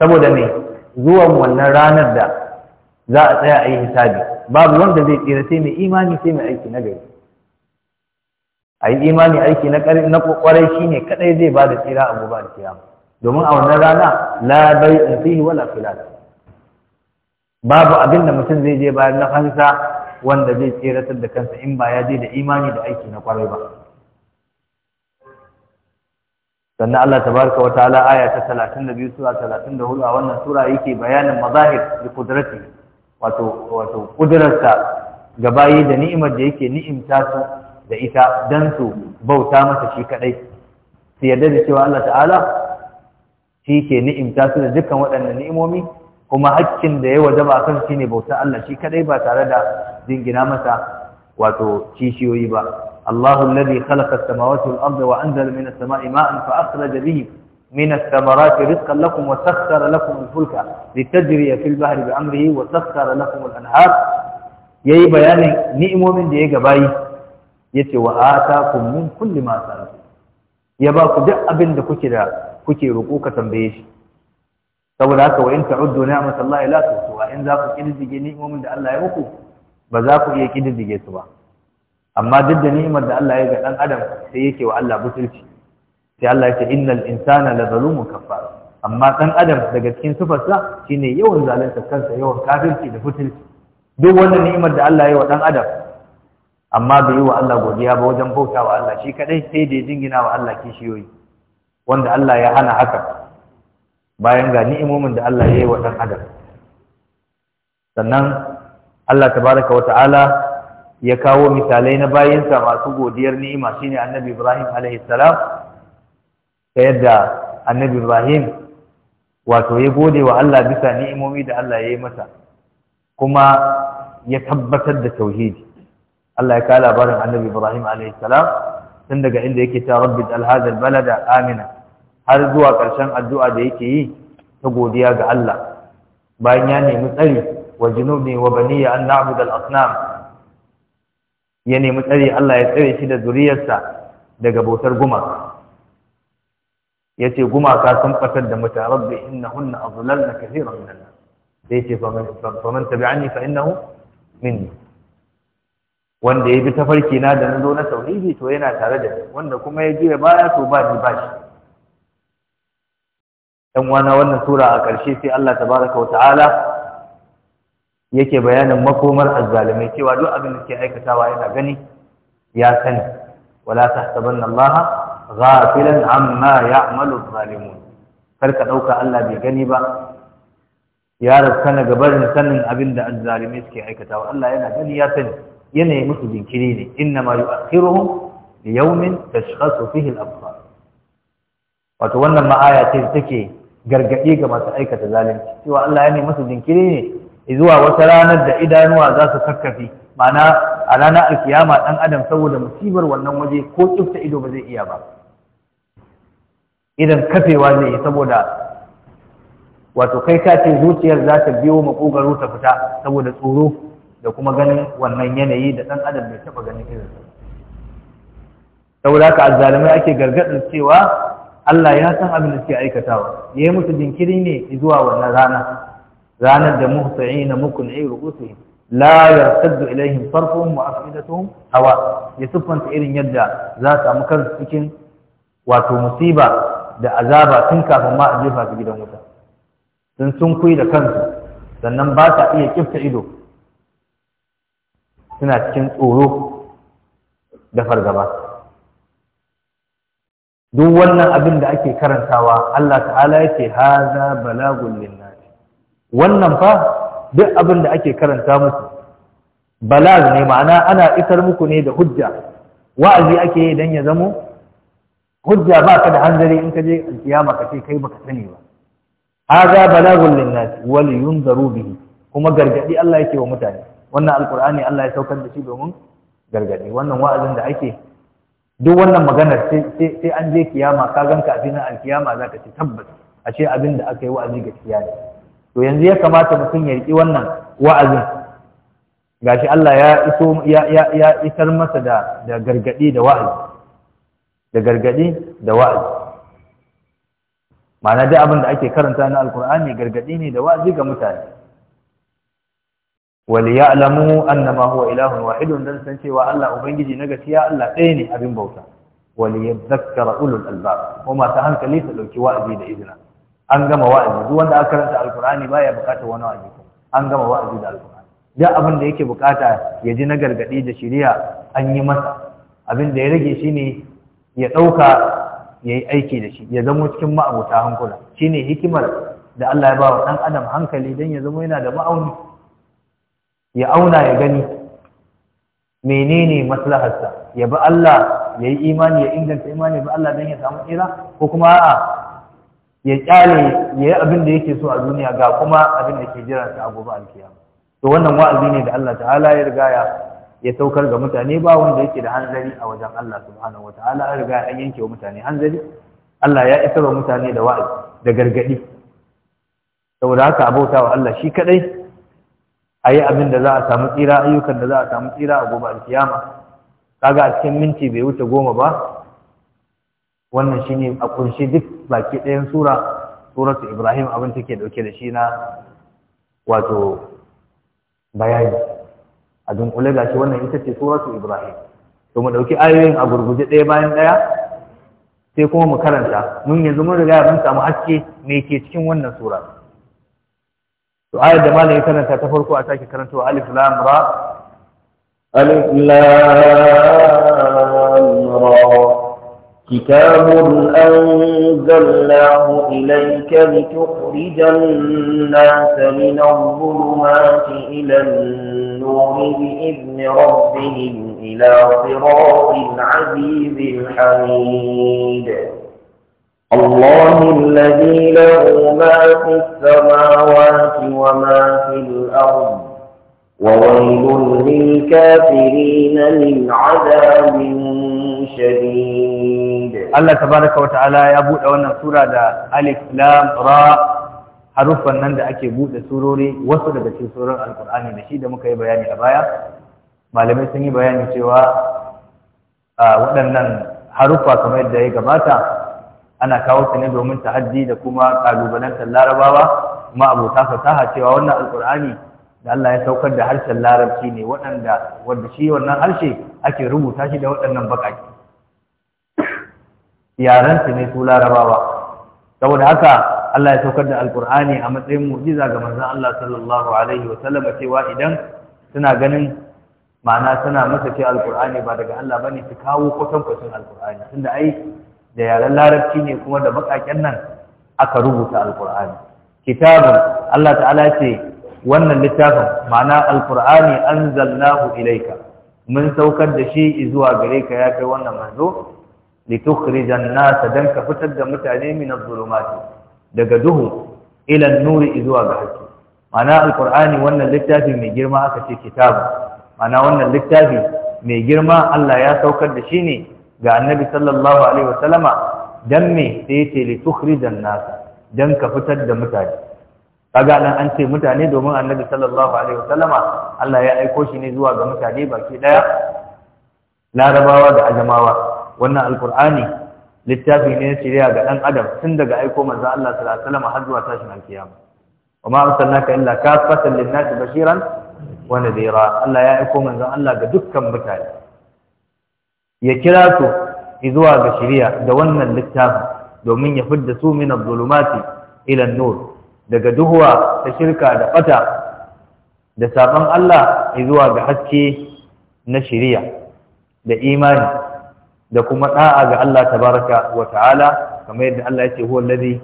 saboda me zuwan wannan ranar da za a tsaya a yi hisabi babu wanda zai tsira sai mai imani sai mai aiki na gari a yi imani aiki na kwarai shi ne kadai zai ba da tsira a gobe da kiyama domin a wannan rana la bai in fi wala filata. babu abin da mutum zai je bayan na fansa wanda zai tseratar da kansa in ba ya je da imani da aiki na kwarai ba sannan Allah tabaraka wa ta'ala aya ta 32 sura 34 a wannan sura yake bayanin mazahir da qudratihi wato wato ga bayi da ni'imar da yake ni'imta su da ita dan su bauta masa shi kadai su yarda da cewa Allah ta'ala shi ke ni'imta su da dukkan waɗannan ni'imomi kuma hakkin da ya wajaba a kan ne bauta Allah shi kadai ba tare da jingina masa wato kishiyoyi ba Allahu alladhi khalaqa as-samawati wal-arda wa anzala minas sama'i ma'an fa akhraja bihi من الثمرات رزقا لكم وسخر لكم الفلك لتجري في البحر بأمره وسخر لكم الأنهار yayi bayanin ni'imomin da ya gabayi yace wa ataakum min kulli ma sa'altum ya ba ku duk abinda kuke da kuke roƙo ka tambaye shi saboda haka wa in ta'uddu ni'matallahi la tuhsuha in za ku kiddige ni'imomin da Allah ya muku ba za ku iya kiddige su ba amma duk da ni'imar da Allah ya ga dan adam sai yake wa Allah butulci sai Allah ya ce innal insana la zalumu kafar amma dan adam daga cikin sifarsa shine yawan zalunta kansa yawan kafirci da butulci duk wannan ni'imar da Allah ya yi wa dan adam amma bai yi wa Allah godiya ba wajen bauta wa Allah shi kadai sai da ya jingina wa Allah kishiyoyi wanda Allah ya hana haka bayan ga ni'imomin da Allah ya yi wa dan adam sannan Allah tabaraka wa ta'ala ya kawo misalai na bayinsa masu godiyar ni'ima shine annabi Ibrahim alaihi salam ta yadda annabi Ibrahim wato ya gode wa Allah bisa ni'imomi da Allah ya yi mata, kuma ya tabbatar da tauhidi Allah ya kawo labarin annabi Ibrahim alaihi tun daga inda yake ta rabbi alhazal balada amina har zuwa ƙarshen addu'a da yake yi ta godiya ga Allah bayan ya nemi tsari wa junubni wa baniya an na'budu al-asnam ya nemi tsari Allah ya tsare shi da zuriyarsa daga bautar gumaka yace gumaka sun fatar da mutane rabbi innahunna adlalna kathiran min an-nas sai yace fa man tabi'ani fa innahu minni wanda ya bi tafarki na da zo na tauhidi to yana tare da ni wanda kuma ya jiya baya to ba ni ba shi dan wana wannan sura a ƙarshe sai Allah tabaraka wa ta'ala yake bayanin makomar azzalimai cewa duk abin da ke aikatawa yana gani ya sani wala tahsabanna Allah ghafilan amma ya'malu zalimun kar ka dauka Allah bai gani ba ya raskana gabarin sanin abinda da azzalimi suke aikatawa Allah yana gani ya sani yanayi musu jinkiri ne inna yu'akhiruhum li yawmin tashkhasu fihi al-absar wato wannan ma'aya ce take gargadi ga masu aikata zalunci cewa Allah yana ne musu jinkiri ne zuwa wata ranar da idanuwa za su kakkafi ma'ana a ranar alkiyama dan adam saboda musibar wannan waje ko tsufta ido ba zai iya ba idan kafewa zai yi saboda wato kai ka ce zuciyar za ta biyo makogaro ta fita saboda tsoro da kuma ganin wannan yanayi da ɗan adam bai taɓa ganin irin saboda haka azzalumai ake gargadin cewa Allah ya san abin da suke aikatawa yayi musu jinkiri ne zuwa wannan rana ranar da mukun mukun'i ru'usihim la yartaddu ilaihim sarfuhum wa afidatuhum hawa ya siffanta irin yadda za su samu kansu cikin wato musiba da azaba tun kafin ma a jefa su gidan wuta sun sun da kansu sannan ba sa iya kifta ido suna cikin tsoro da fargaba duk wannan abin da ake karantawa Allah ta'ala ya ce haza balagun linnas wannan fa duk abin da ake karanta muku balag ne ma'ana ana isar muku ne da hujja wa'azi ake yi dan ya zamo hujja ba ka da hanzari in ka je alkiyama ka ce kai baka sani ba haza balagun linnas wal yunzaru bihi kuma gargadi Allah yake wa mutane wannan alqur'ani Allah ya saukar da shi domin gargadi wannan wa'azin da ake duk wannan maganar sai an je kiyama ka ganka a filin alkiyama zaka ce tabbas a ce abin da aka yi wa'azi ga kiyama to yanzu ya kamata mutum ya riki wannan wa'azin gashi Allah ya iso ya ya isar masa da da gargadi da wa'azi da gargadi da wa'azi ma'ana duk abin da ake karanta na alkur'ani gargadi ne da wa'azi ga mutane ya alamu annama huwa ilahun wahidun dan san cewa Allah ubangiji na gaskiya Allah ɗaya ne abin bauta ya zakkara ulul albab ko masu hankali su ɗauki wa'azi da izina an gama wa'azi duk wanda aka karanta alkur'ani baya bukatar wani wa'azi an gama wa'azi da alkur'ani duk abin da yake bukata ya ji na gargadi da shiriya an yi masa abin da ya rage shi ne. ya ɗauka ya yi aiki da shi ya zama cikin ma'abuta hankula Shi ne hikimar da Allah ya ba wa ɗan adam hankali don ya zamo yana da ma'auni ya auna ya gani menene maslaharsa ya bi Allah ya yi imani ya inganta imani bi Allah don ya samu tsira ko kuma a'a ya kyale ya yi abin da yake so a duniya ga kuma abin da ke jiransa a gobe alkiyama to wannan wa'azi ne da Allah ta'ala ya riga ya ya saukar ga mutane ba wanda yake da hanzari a wajen Allah subhanahu ta'ala an riga an yanke wa mutane hanzari Allah ya isa wa mutane da wa'azi da gargadi saboda haka abauta wa Allah shi kadai ayi abin da za a samu tsira ayyukan da za a samu tsira a gobe alkiyama kaga a cikin minti bai wuce goma ba wannan shine a kunshi duk baki ɗayan sura suratu Ibrahim abin take dauke da shi na wato bayani a dunkule gashi wannan ita ce suratu ibrahim to mu dauki ayoyin a gurguje ɗaya bayan ɗaya sai kuma mu karanta mun yanzu mun riga mun samu haske me ke cikin wannan sura to ayar da malamin karanta ta farko a sake karanta alif lam ra alif lam ra كتاب أنزلناه إليك لتخرج الناس من الظلمات إلى النور بإذن ربهم إلى صراط العزيز الحميد الله الذي له ما في السماوات وما في الأرض وويل للكافرين من عذاب شديد الله تبارك وتعالى يا wannan sura da alif lam ra harufan nan da ake bude surori wasu daga cikin surorin alqur'ani da shi da muka yi bayani a baya malamai sun yi bayani cewa waɗannan haruffa kamar yadda ya gabata ana kawo su ne domin tahaddi da kuma kalubalantar larabawa kuma abota fasaha cewa wannan alqur'ani da Allah ya saukar da harshen larabci ne waɗanda wanda shi wannan harshe ake rubuta shi da waɗannan baƙaƙe yarensu ne su larabawa saboda haka Allah ya saukar da alkur'ani a matsayin mu'jiza ga manzon Allah sallallahu alaihi wasallam cewa idan suna ganin ma'ana suna masa ce alkur'ani ba daga Allah bane su kawo kwatankwacin alkur'ani tunda ai da yaren larabci ne kuma da bakaken nan aka rubuta alkur'ani kitabun Allah ta'ala ce wannan littafin ma'ana alkur'ani anzalnahu ilaika mun saukar da shi zuwa gare ka ya kai wannan manzo litukhrijan nasa dan ka fitar da mutane min az-zulumati daga duhu ila an-nuri izuwa ga haske ma'ana alqur'ani wannan littafi mai girma aka ce kitabu ma'ana wannan littafi mai girma Allah ya saukar da shi ne ga annabi sallallahu alaihi wasallama dan me sai yace litukhrijan nasa dan ka fitar da mutane kaga nan an ce mutane domin annabi sallallahu alaihi wasallama Allah ya aiko shi ne zuwa ga mutane baki daya larabawa da ajamawa wannan alkur'ani littafi ne na shirya ga ɗan adam tun daga aiko manzo Allah sallallahu alaihi wasallam har zuwa tashin alkiyama wa ma arsalnaka illa kaffatan lin-nasi bashiran wa nadhira Allah ya aiko manzo Allah ga dukkan mutane ya kira su zuwa ga shirya da wannan littafi domin ya fidda su min adh-dhulumati ila an-nur daga duhuwa ta shirka da fata da sabon Allah zuwa ga haske na shirya da imani da kuma da'a ga Allah tabaraka wa ta'ala kamar yadda Allah yake huwa alladhi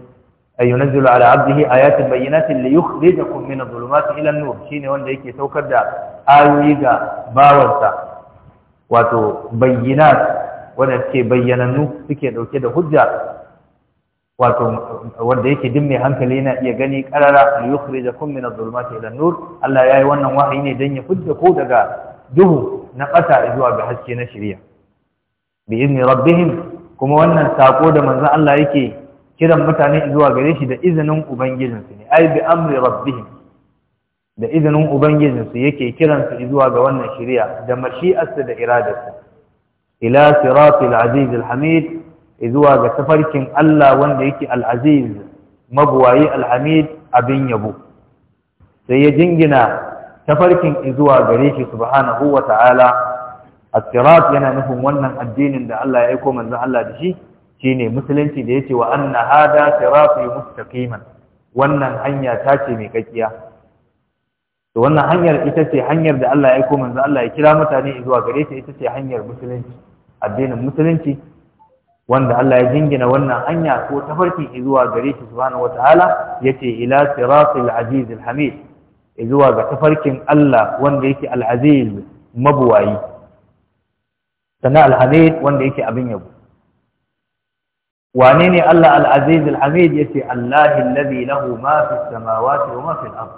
yunzilu ala abdihi ayatin bayyinatin li yukhrijakum min adh-dhulumati ila an-nur shine wanda yake saukar da ayoyi ga bawansa wato bayyinat wanda ke bayyanannu suke dauke da hujja wato wanda yake din mai hankali yana iya gani karara li yukhrijakum min adh-dhulumati ila an-nur Allah yayi wannan wahayi ne dan ya hujja ko daga duhu na ƙasa zuwa ga haske na shari'a bi izni rabbihim kuma wannan sako da manzon Allah yake kiran mutane zuwa gare shi da izinin ubangijinsu ne ai bi amri rabbihim da izinin ubangijinsu yake kiransa zuwa ga wannan shari'a da mashi'arsa da iradarsa ila siratil aziz alhamid zuwa ga tafarkin Allah wanda yake al-aziz alhamid abin yabo sai ya jingina tafarkin zuwa gare shi subhanahu wata'ala as-sirat yana nufin wannan addinin da Allah ya aika manzon Allah da shi shine musulunci da yace wa anna hada sirati mustaqiman wannan hanya ta ce mai kakkiya to wannan hanyar ita ce hanyar da Allah ya aika manzon Allah ya kira mutane zuwa gare shi ita ce hanyar musulunci addinin musulunci wanda Allah ya jingina wannan hanya ko tafarki zuwa gare shi subhanahu wataala yace ila siratil aziz al-hamid zuwa ga tafarkin Allah wanda yake al-aziz mabuwayi sannan alhamid wanda yake abin yabo wane ne Allah al-aziz al-hamid yace Allah alladhi lahu ma fi samawati wa ma fi al-ard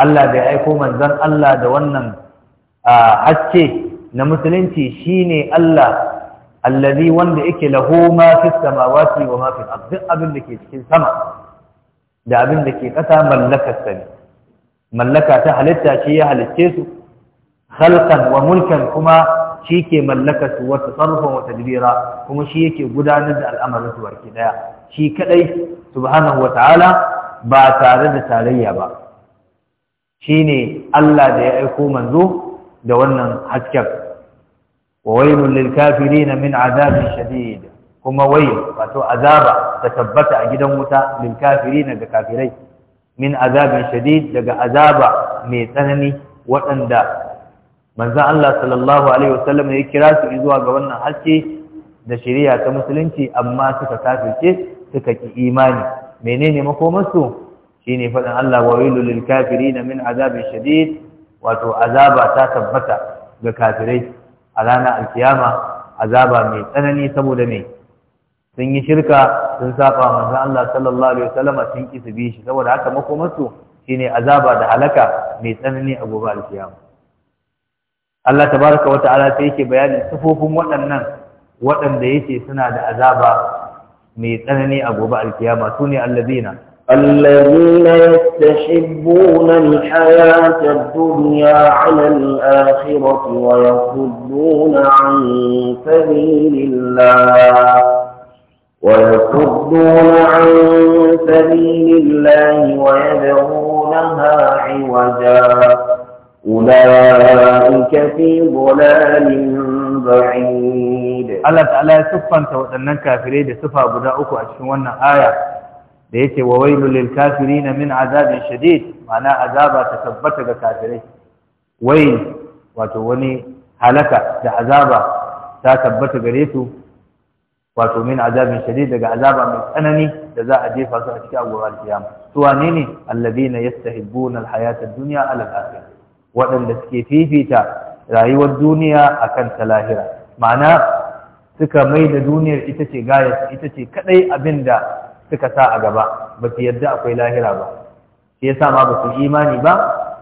Allah da aiko manzon Allah da wannan hacce na musulunci shine Allah alladhi wanda yake lahu ma fi samawati wa ma fi al-ard duk abin da ke cikin sama da abin da ke ƙasa mallakar sa ne mallaka ta halitta shi ya halicce su khalqan wa mulkan kuma shi ke mallaka su wasu sarrafin wata dibira kuma shi yake gudanar da al'amarin su barki daya shi kadai subhanahu wata'ala ba tare da tarayya ba Shi ne Allah da ya aiko manzo da wannan hasken wa wailul lil kafirin min azabin shadid kuma wail wato azaba ta tabbata a gidan wuta lil kafirin ga kafirai min azabin shadid daga azaba mai tsanani waɗanda manzon Allah sallallahu alaihi wasallam ya kira su zuwa ga wannan haske da shirya ta musulunci amma suka kafirce suka ki imani menene makomarsu ne faɗin Allah wa wailul lil kafirin min azabin shadid wato azaba ta tabbata ga kafirai a ranar alkiyama azaba mai tsanani saboda mai sun yi shirka sun saba Manzan Allah sallallahu alaihi wasallam sun ki su bi shi saboda haka makomarsu shine azaba da halaka mai tsanani a gobe alkiyama Allah tabaraka wa ta'ala sai yake bayani sifofin waɗannan waɗanda yake suna da azaba mai tsanani a gobe alkiyama sune allazina allazina yastahibbuna alhayata ad-dunya 'ala al-akhirati wa yasudduna 'an sabilillah ويصدون عن سبيل الله ويدعونها عوجا أولئك في ضلال بعيد الله تعالى سبحانه وتعالى كافرين سفا بداؤك أشوانا آية ليتي وويل للكافرين من عذاب شديد معنى عذاب تثبت كافرين ويل وتوني هلك عذاب تثبت غريته wato min azabin shadid daga azaba mai tsanani da za a jefa su a cikin agobar kiyama su wane ne alladhina yastahibbuna alhayata ad-dunya ala al-akhirah waɗanda suke fifita rayuwar duniya kan ta lahira ma'ana suka mai da duniyar ita ce ita ce kadai abin da suka sa a gaba ba su yarda akwai lahira ba shi yasa ma ba su imani ba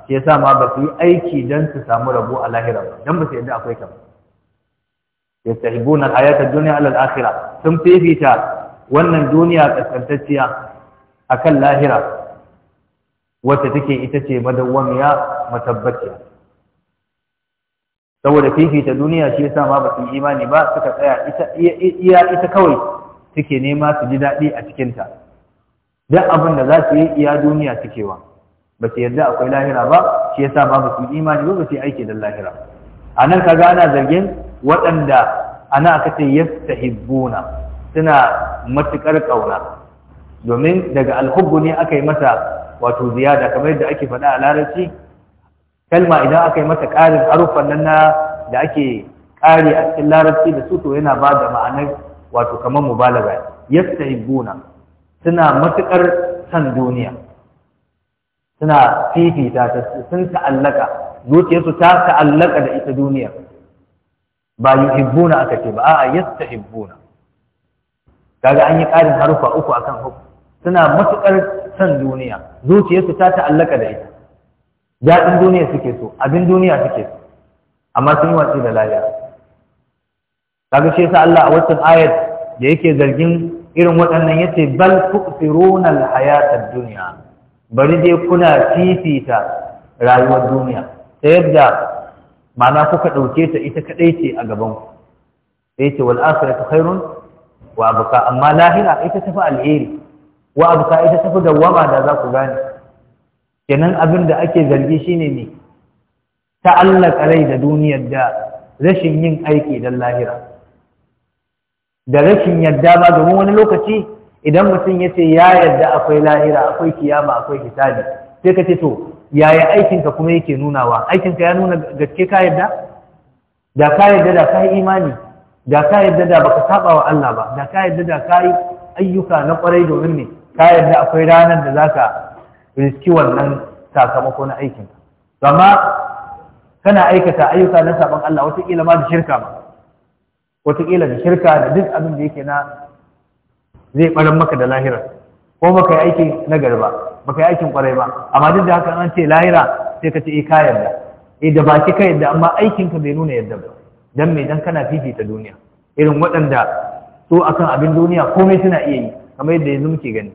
shi yasa ma ba su yi aiki don su samu rabo a lahira ba don ba su yarda akwai ta ba yastahibuna al-hayata ad-dunya sun fifita wannan duniya kaskantacciya akan lahira wacce take ita ce madawwamiya matabbaciya saboda fifita duniya shi yasa ma ba su imani ba suka tsaya iya ita kawai suke nema su ji daɗi a cikinta duk abin da za su yi iya duniya sukewa ba su yarda akwai lahira ba shi yasa ma ba su imani ba ba su aiki da lahira a nan kaga ana zargin waɗanda ana aka ce yastahibbuna suna matuƙar ƙauna domin daga alhubbu ne aka yi masa wato ziyada kamar yadda ake faɗa a larabci kalma idan aka yi mata ƙarin haruffan nan na da ake ƙari a cikin larabci da su to yana ba da ma'anar wato kamar mubalaga yastaibuna suna matuƙar san duniya suna fifita ta sun ta'allaka zuciyarsu ta ta'allaka da ita duniya ba yi yuhibbuna aka ce ba a'a yadda yastahibbuna kaga an yi ƙarin haruffa uku akan uku suna matuƙar san duniya zuciyarsu ta ta'allaka da ita daɗin duniya suke so abin duniya suke so amma sun yi watsi da lahira kaga shi yasa Allah a wancan ayat da yake zargin irin waɗannan yace bal tu'thiruna al-hayata ad-dunya bari dai kuna fifita rayuwar duniya ta yadda ma'ana kuka ɗauke ta ita kaɗai ce a gaban ku sai ce wal akhiratu khairun wa abqa amma lahira ita tafi alheri wa abqa ita tafi dawwama da za ku gane kenan abin da ake zargi shine ne ta'allaka rai da duniyar da rashin yin aiki don lahira da rashin yadda ba domin wani lokaci idan mutum ya ce ya yadda akwai lahira akwai kiyama akwai hisabi sai ka ce to yaya aikinka kuma yake nunawa aikinka ya nuna gaske ka yadda da ka yadda da ka yi imani da ka yadda da baka saba wa Allah ba da ka yadda da ka yi ayyuka na kwarai domin ne ka yadda akwai ranar da zaka riski wannan sakamako na aikin amma kana aikata ayyuka na saban Allah wataƙila ma da shirka ba wataƙila da shirka da duk abin da yake na zai ɓaran maka da lahira ko baka yi aiki na gari ba baka yi aikin ƙwarai ba amma duk da haka an ce lahira sai ka ce eh ka yarda eh da baki ka yarda amma aikin ka bai nuna yarda ba dan me dan kana fifita duniya irin waɗanda su akan abin duniya komai suna iya yi kamar yadda yanzu muke gani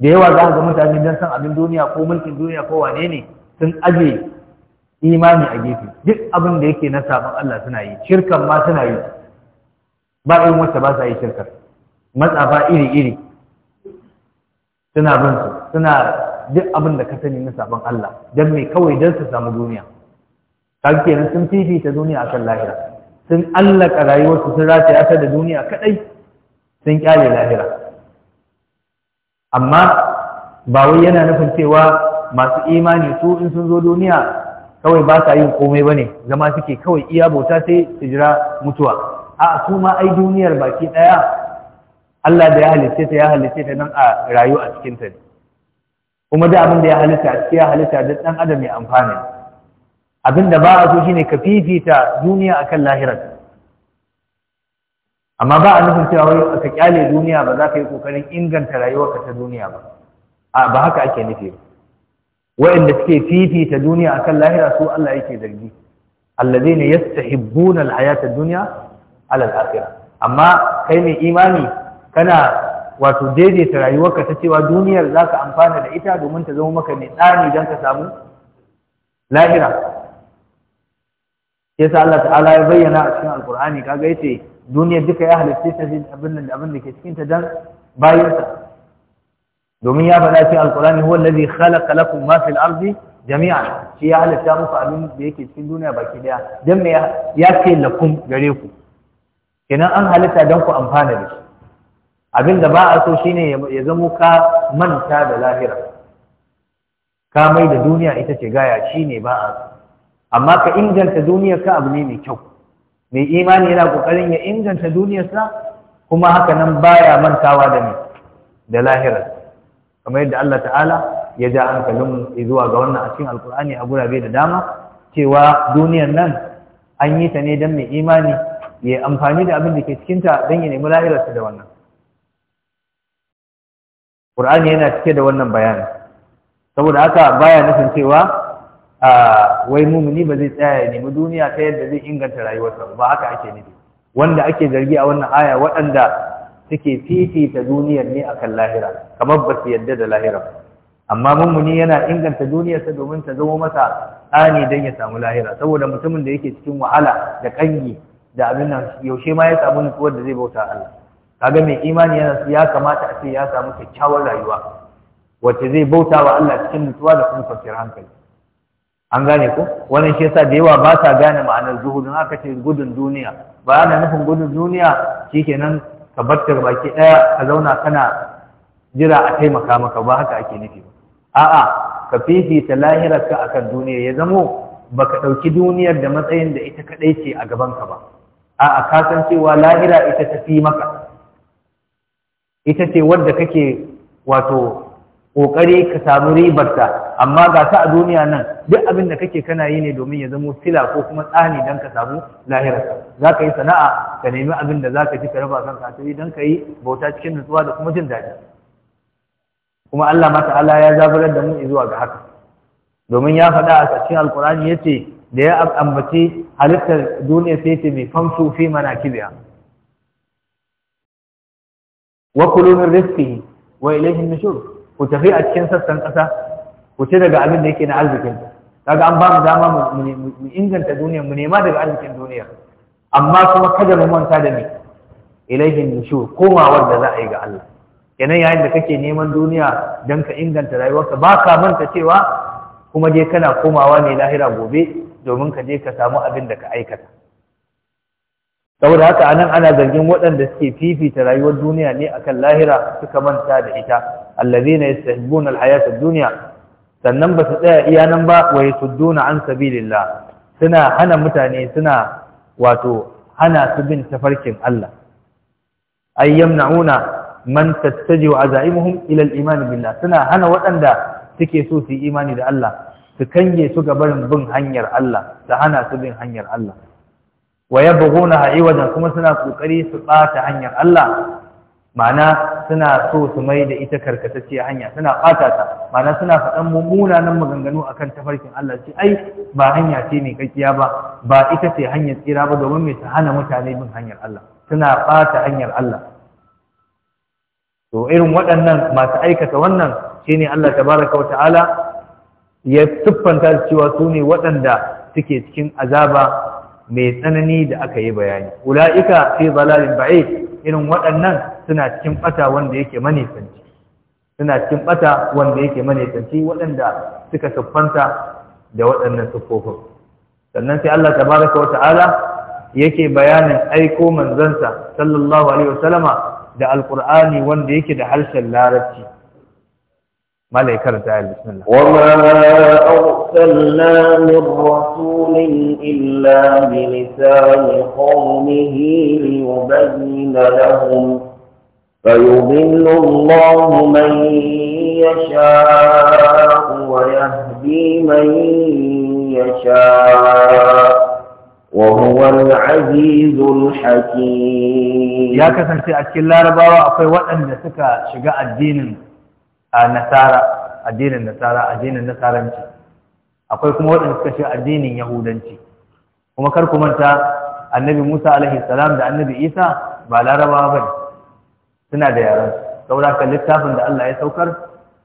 da yawa za ga mutane don san abin duniya ko mulkin duniya ko wane ne sun aje imani a gefe duk abin da yake na sabon Allah suna yi shirkan ma suna yi ba irin wacce ba sa yi shirkar matsafa iri-iri suna bin su suna duk abin da ka sani na sabon Allah don mai kawai don su samu duniya kaga kenan sun fifita duniya akan lahira sun allaka rayuwarsu sun rataya ta da duniya kadai sun kyale lahira amma ba wai yana nufin cewa masu imani su in sun zo duniya kawai ba sa yin komai bane zama suke kawai iya bauta sai su jira mutuwa a su ma ai duniyar baki daya Allah da ya halitta ta ya halitta ta nan a rayu a cikin ta kuma da abin da ya halitta a cikin ya halitta da dan adam ya amfana abin da ba a so shine kafifita fifita duniya akan lahirar amma ba a nufin cewa wai ka kyale duniya ba za ka yi kokarin inganta rayuwarka ta duniya ba a ba haka ake nufi wa'anda suke fifita duniya akan lahira su Allah yake zargi allazina yastahibbuna alhayata ad-dunya ala al amma kai mai imani kana wato daidaita rayuwarka ta cewa duniyar za ka amfana da ita domin ta zama maka mai tsani don ka samu lahira. Yasa Allah ta'ala ya bayyana a cikin Alkur'ani kaga yace duniyar duka ya halitta ta zai abin da abin da ke cikin ta dan bayansa domin ya faɗa ce alqur'ani huwa allazi khalaqa lakum ma fil ardi jami'an shi ya halitta muku abin da yake cikin duniya baki daya dan me ya ce lakum gare ku kenan an halitta dan ku amfana da shi abin da ba a so shine ya zamo ka manta da lahira ka mai da duniya ita ce gaya shine ba a so amma ka inganta duniyar ka abu ne mai kyau mai imani yana kokarin ya inganta duniyarsa kuma haka nan baya mantawa da ni da lahirar kamar yadda Allah ta'ala ya ja hankalin zuwa ga wannan a cikin alkur'ani a gurabe da dama cewa duniyar nan an yi ta ne don mai imani ya amfani da abin da ke cikinta don ya nemi lahirarsa da wannan Qur'ani yana cike da wannan bayanin saboda haka baya nufin cewa wai mumuni ba zai tsaya ya nemi duniya ta yadda zai inganta rayuwarsa ba haka ake nufi wanda ake zargi a wannan aya waɗanda suke fifita duniyar ne akan lahira kamar ba su yadda da lahira amma mummuni yana inganta duniyarsa domin ta zama masa ani don ya samu lahira saboda mutumin da yake cikin wahala da kangi da abin nan yaushe ma ya samu nutsuwar da zai bauta Allah kaga mai imani yana ya kamata a ce ya samu kyakkyawar rayuwa wacce zai bauta wa Allah cikin nutsuwa da kuma kwanciyar hankali an gane ko wannan shi yasa da yawa ba sa gane ma'anar zuhudin aka ce gudun duniya ba ana nufin gudun duniya shikenan ka barta baki ɗaya ka zauna kana jira a taimaka maka ba haka ake nufi ba a'a ka fifita lahirar ka akan duniya ya zamo Ba ka ɗauki duniyar da matsayin da ita kadai ce a gaban ka ba a'a ka san cewa lahira ita ta fi maka ita ce wadda kake wato kokari ka samu ribarta amma ga ta a duniya nan duk abin da kake kana yi ne domin ya zamo sila ko kuma tsani don ka samu lahira za ka yi sana'a ka nemi abin da za ka ci ka raba kan kasiri don ka yi bauta cikin nutsuwa da kuma jin daɗi kuma Allah ma ta'ala ya zaburar da mu zuwa ga haka domin ya faɗa a cikin alkurani ya ce da ya ambaci halittar duniya sai ce mai famsu fi mana kibiya wa kulumin rizqihi wa ilayhin nushur ku tafi a cikin sassan ƙasa ku ci daga abin da yake na arzikin kaga an ba mu dama mu inganta duniya mu nema daga arzikin duniya amma kuma kada mu manta da ni ilaihin nushu komawar da za a yi ga Allah kenan yayin da kake neman duniya don ka inganta rayuwarka ba ka manta cewa kuma je kana komawa ne lahira gobe domin ka je ka samu abin da ka aikata saboda haka anan ana zargin waɗanda suke fifita rayuwar duniya ne akan lahira suka manta da ita allazina yastahibbuna alhayata ad duniya, sannan ba su tsaya iya nan ba su duna an sabilillah suna hana mutane suna wato hana su bin tafarkin Allah ay na'una man tattaji'u azaimuhum ila al billah suna hana waɗanda suke so su yi imani da Allah su kange su ga barin bin hanyar Allah da hana su bin hanyar Allah wa yabghunaha wajen kuma suna kokari su bata hanyar Allah ma'ana suna so su mai da ita karkatacce hanya suna ɓata ta ma'ana suna faɗan mummunanan maganganu akan tafarkin Allah ce ai ba hanya ce mai kakkiya ba ba ita ce hanyar tsira ba domin mai ta hana mutane bin hanyar Allah suna ɓata hanyar Allah to irin waɗannan masu aikata wannan shine Allah tabaraka wa ta'ala ya tuffanta cewa su ne waɗanda suke cikin azaba mai tsanani da aka yi bayani ula'ika fi zalalin ba'id irin waɗannan suna cikin bata wanda yake manisanci suna cikin bata wanda yake manisanci waɗanda suka siffanta da waɗannan siffofin sannan sai Allah tabaraka wa ta'ala yake bayanin aiko manzansa sallallahu alaihi sallama da alqur'ani wanda yake da harshen larabci ما لي كرت آية بسم الله وما أرسلنا من رسول إلا بلسان قومه ليبين لهم فيضل الله من يشاء ويهدي من يشاء وهو العزيز الحكيم يا كثر في أكل الله ربا وأقوى أن نسكى شقاء الدين a nasara addinin nasara addinin nasaranci akwai kuma waɗanda suka ce addinin yahudanci kuma kar ku manta annabi Musa alaihi salam da annabi Isa ba larabawa ne. suna da yaran saboda kan littafin da Allah ya saukar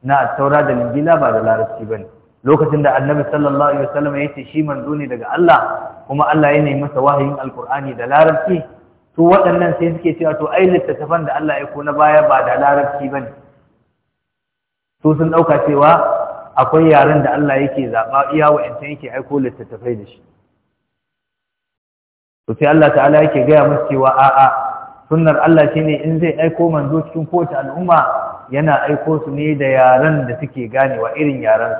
na taura da injila ba da larabci ne. lokacin da annabi sallallahu alaihi wasallam ya ce shi manzo ne daga Allah kuma Allah ya nemi masa wahayin alkur'ani da larabci to waɗannan sai suke cewa to ai littattafan da Allah ya ko na baya ba da larabci bane su sun ɗauka cewa akwai yaren da Allah yake zaɓa iya wa'ancan yake aiko littattafai da shi to sai Allah ta'ala yake gaya musu cewa a'a sunar Allah shi ne in zai aiko manzo cikin kowace al'umma yana aiko su ne da yaren da suke ganewa irin yaren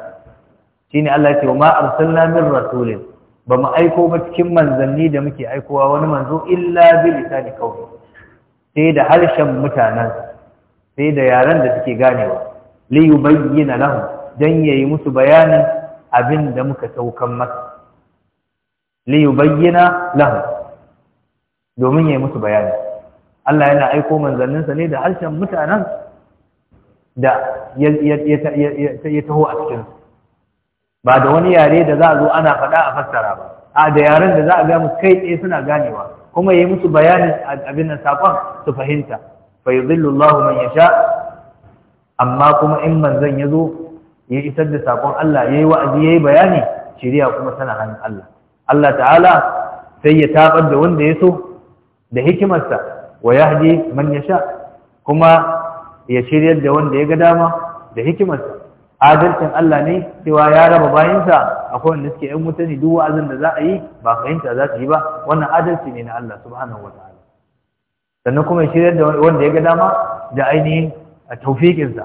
ne Allah ce wa ma arsalna min rasulin ba mu aiko ba cikin manzanni da muke aikowa wani manzo illa bi lisani kawai. sai da harshen mutanen sai da yaren da suke ganewa li lahu, don dan yayi musu bayanin abin da muka saukan masa li yubayyana lahu, domin yayi musu bayani Allah yana aiko manzanninsa ne da harshen mutanen da ya taho a cikin ba da wani yare da za a zo ana faɗa a fassara ba a da yaren da za a ga musu kai tsaye suna ganewa kuma yi musu bayanin abin nan sakon su fahimta fa yudhillu Allahu man yasha amma kuma in manzon ya zo ya isar da sakon Allah ya yi wa'azi ya yi bayani shirya kuma tana hannun Allah Allah ta'ala sai ya tabar da wanda ya so da hikimarsa wa haɗe man ya sha, kuma ya shiryar da wanda ya ga dama da hikimarsa adalcin Allah ne cewa ya raba bayansa akwai wanda suke yan wuta ne duk wa'azin da za a yi ba fahimta za su yi ba wannan adalci ne na Allah subhanahu wa ta'ala. sannan kuma ya shiryar da wanda ya ga dama da ainihin a taufiƙinsa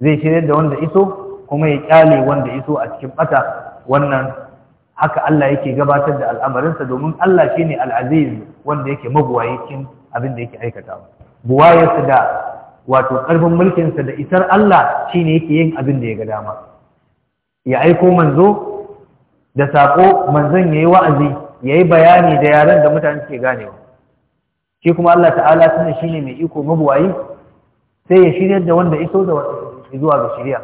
zai shirya da wanda iso kuma ya kyale wanda iso a cikin bata wannan haka Allah yake gabatar da al'amarinsa domin Allah shi ne al'aziz wanda yake magwaye cikin abin da yake aikata buwayarsa da wato ƙarfin mulkinsa da isar Allah shi ne yake yin abin da ya ga dama ya aiko manzo da saƙo manzon ya yi wa'azi ya yi bayani da yaren da mutane ke ganewa shi kuma Allah ta'ala suna shi ne mai iko mabuwayi sai ya shiryar da wanda iso da zuwa ga shirya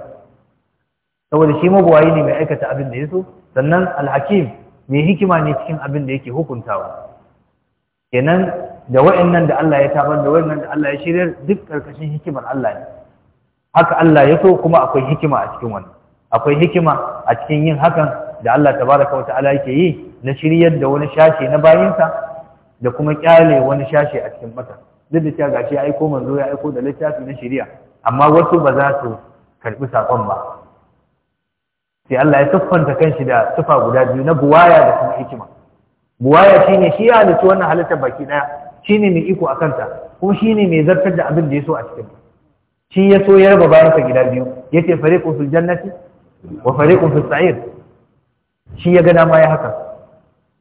saboda shi mabuwayi ne mai aikata abin da ya so sannan alhakim mai hikima ne cikin abin da yake hukuntawa kenan da wa'annan da Allah ya tabar da wa'annan da Allah ya shirya duk karkashin hikimar Allah ne haka Allah ya so kuma akwai hikima a cikin wannan akwai hikima a cikin yin hakan da Allah tabaraka wa ta'ala yake yi na shiryar da wani shashe na bayinsa da kuma kyale wani sashe a cikin mata duk da cewa gashi ya aiko manzo ya aiko da littafi na shari'a amma wasu ba za su karbi sakon ba sai Allah ya siffanta kanshi da sifa guda biyu na buwaya da kuma hikima buwaya shine shi ya halitta wannan halittar baki daya shine mai iko akan ta ko shine mai zartar da abin da ya so a cikin shi ya so ya raba bayan sa gida biyu yace fariqu fil jannati wa fariqu fil sa'ir shi ya ga dama ya haka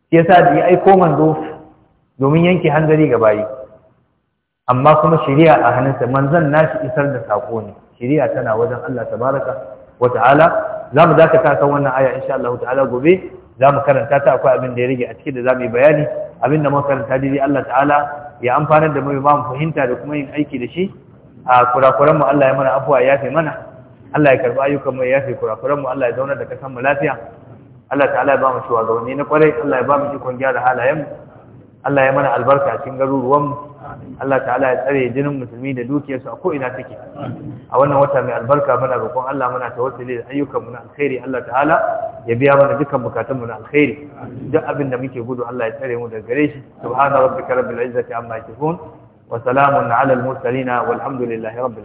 shi yasa da ya aiko manzo domin yanke hanzari ga bayi amma kuma shari'a a hannunsa manzan nashi isar da sako ne shari'a tana wajen Allah tabaraka wa ta'ala zamu dakata kan wannan aya insha Allah ta'ala gobe mu karanta ta akwai abin da ya rage a cikin da zamu yi bayani abin da muka karanta dai Allah ta'ala ya amfanar da mu ba mu fahimta da kuma yin aiki da shi a kurakuran mu Allah ya mana afuwa ya fi mana Allah ya karba ayyukan mu ya fi kurakuran mu Allah ya zauna da kasan mu lafiya Allah ta'ala ya ba mu shugabanni na kwarai Allah ya ba mu ikon gyara halayen mu Allah ya mana albarka a cikin garuruwan mu Allah ta'ala ya tsare jinin musulmi da dukiyarsu a ko'ina take a wannan wata mai albarka muna roƙon Allah muna tawassuli da ayyukanmu na alkhairi Allah ta'ala ya biya mana dukkan bukatunmu na alkhairi duk abin da muke gudu Allah ya tsare mu daga gare shi subhana rabbika rabbil izzati amma yasifun wa salamun ala al mursalin walhamdulillahi rabbil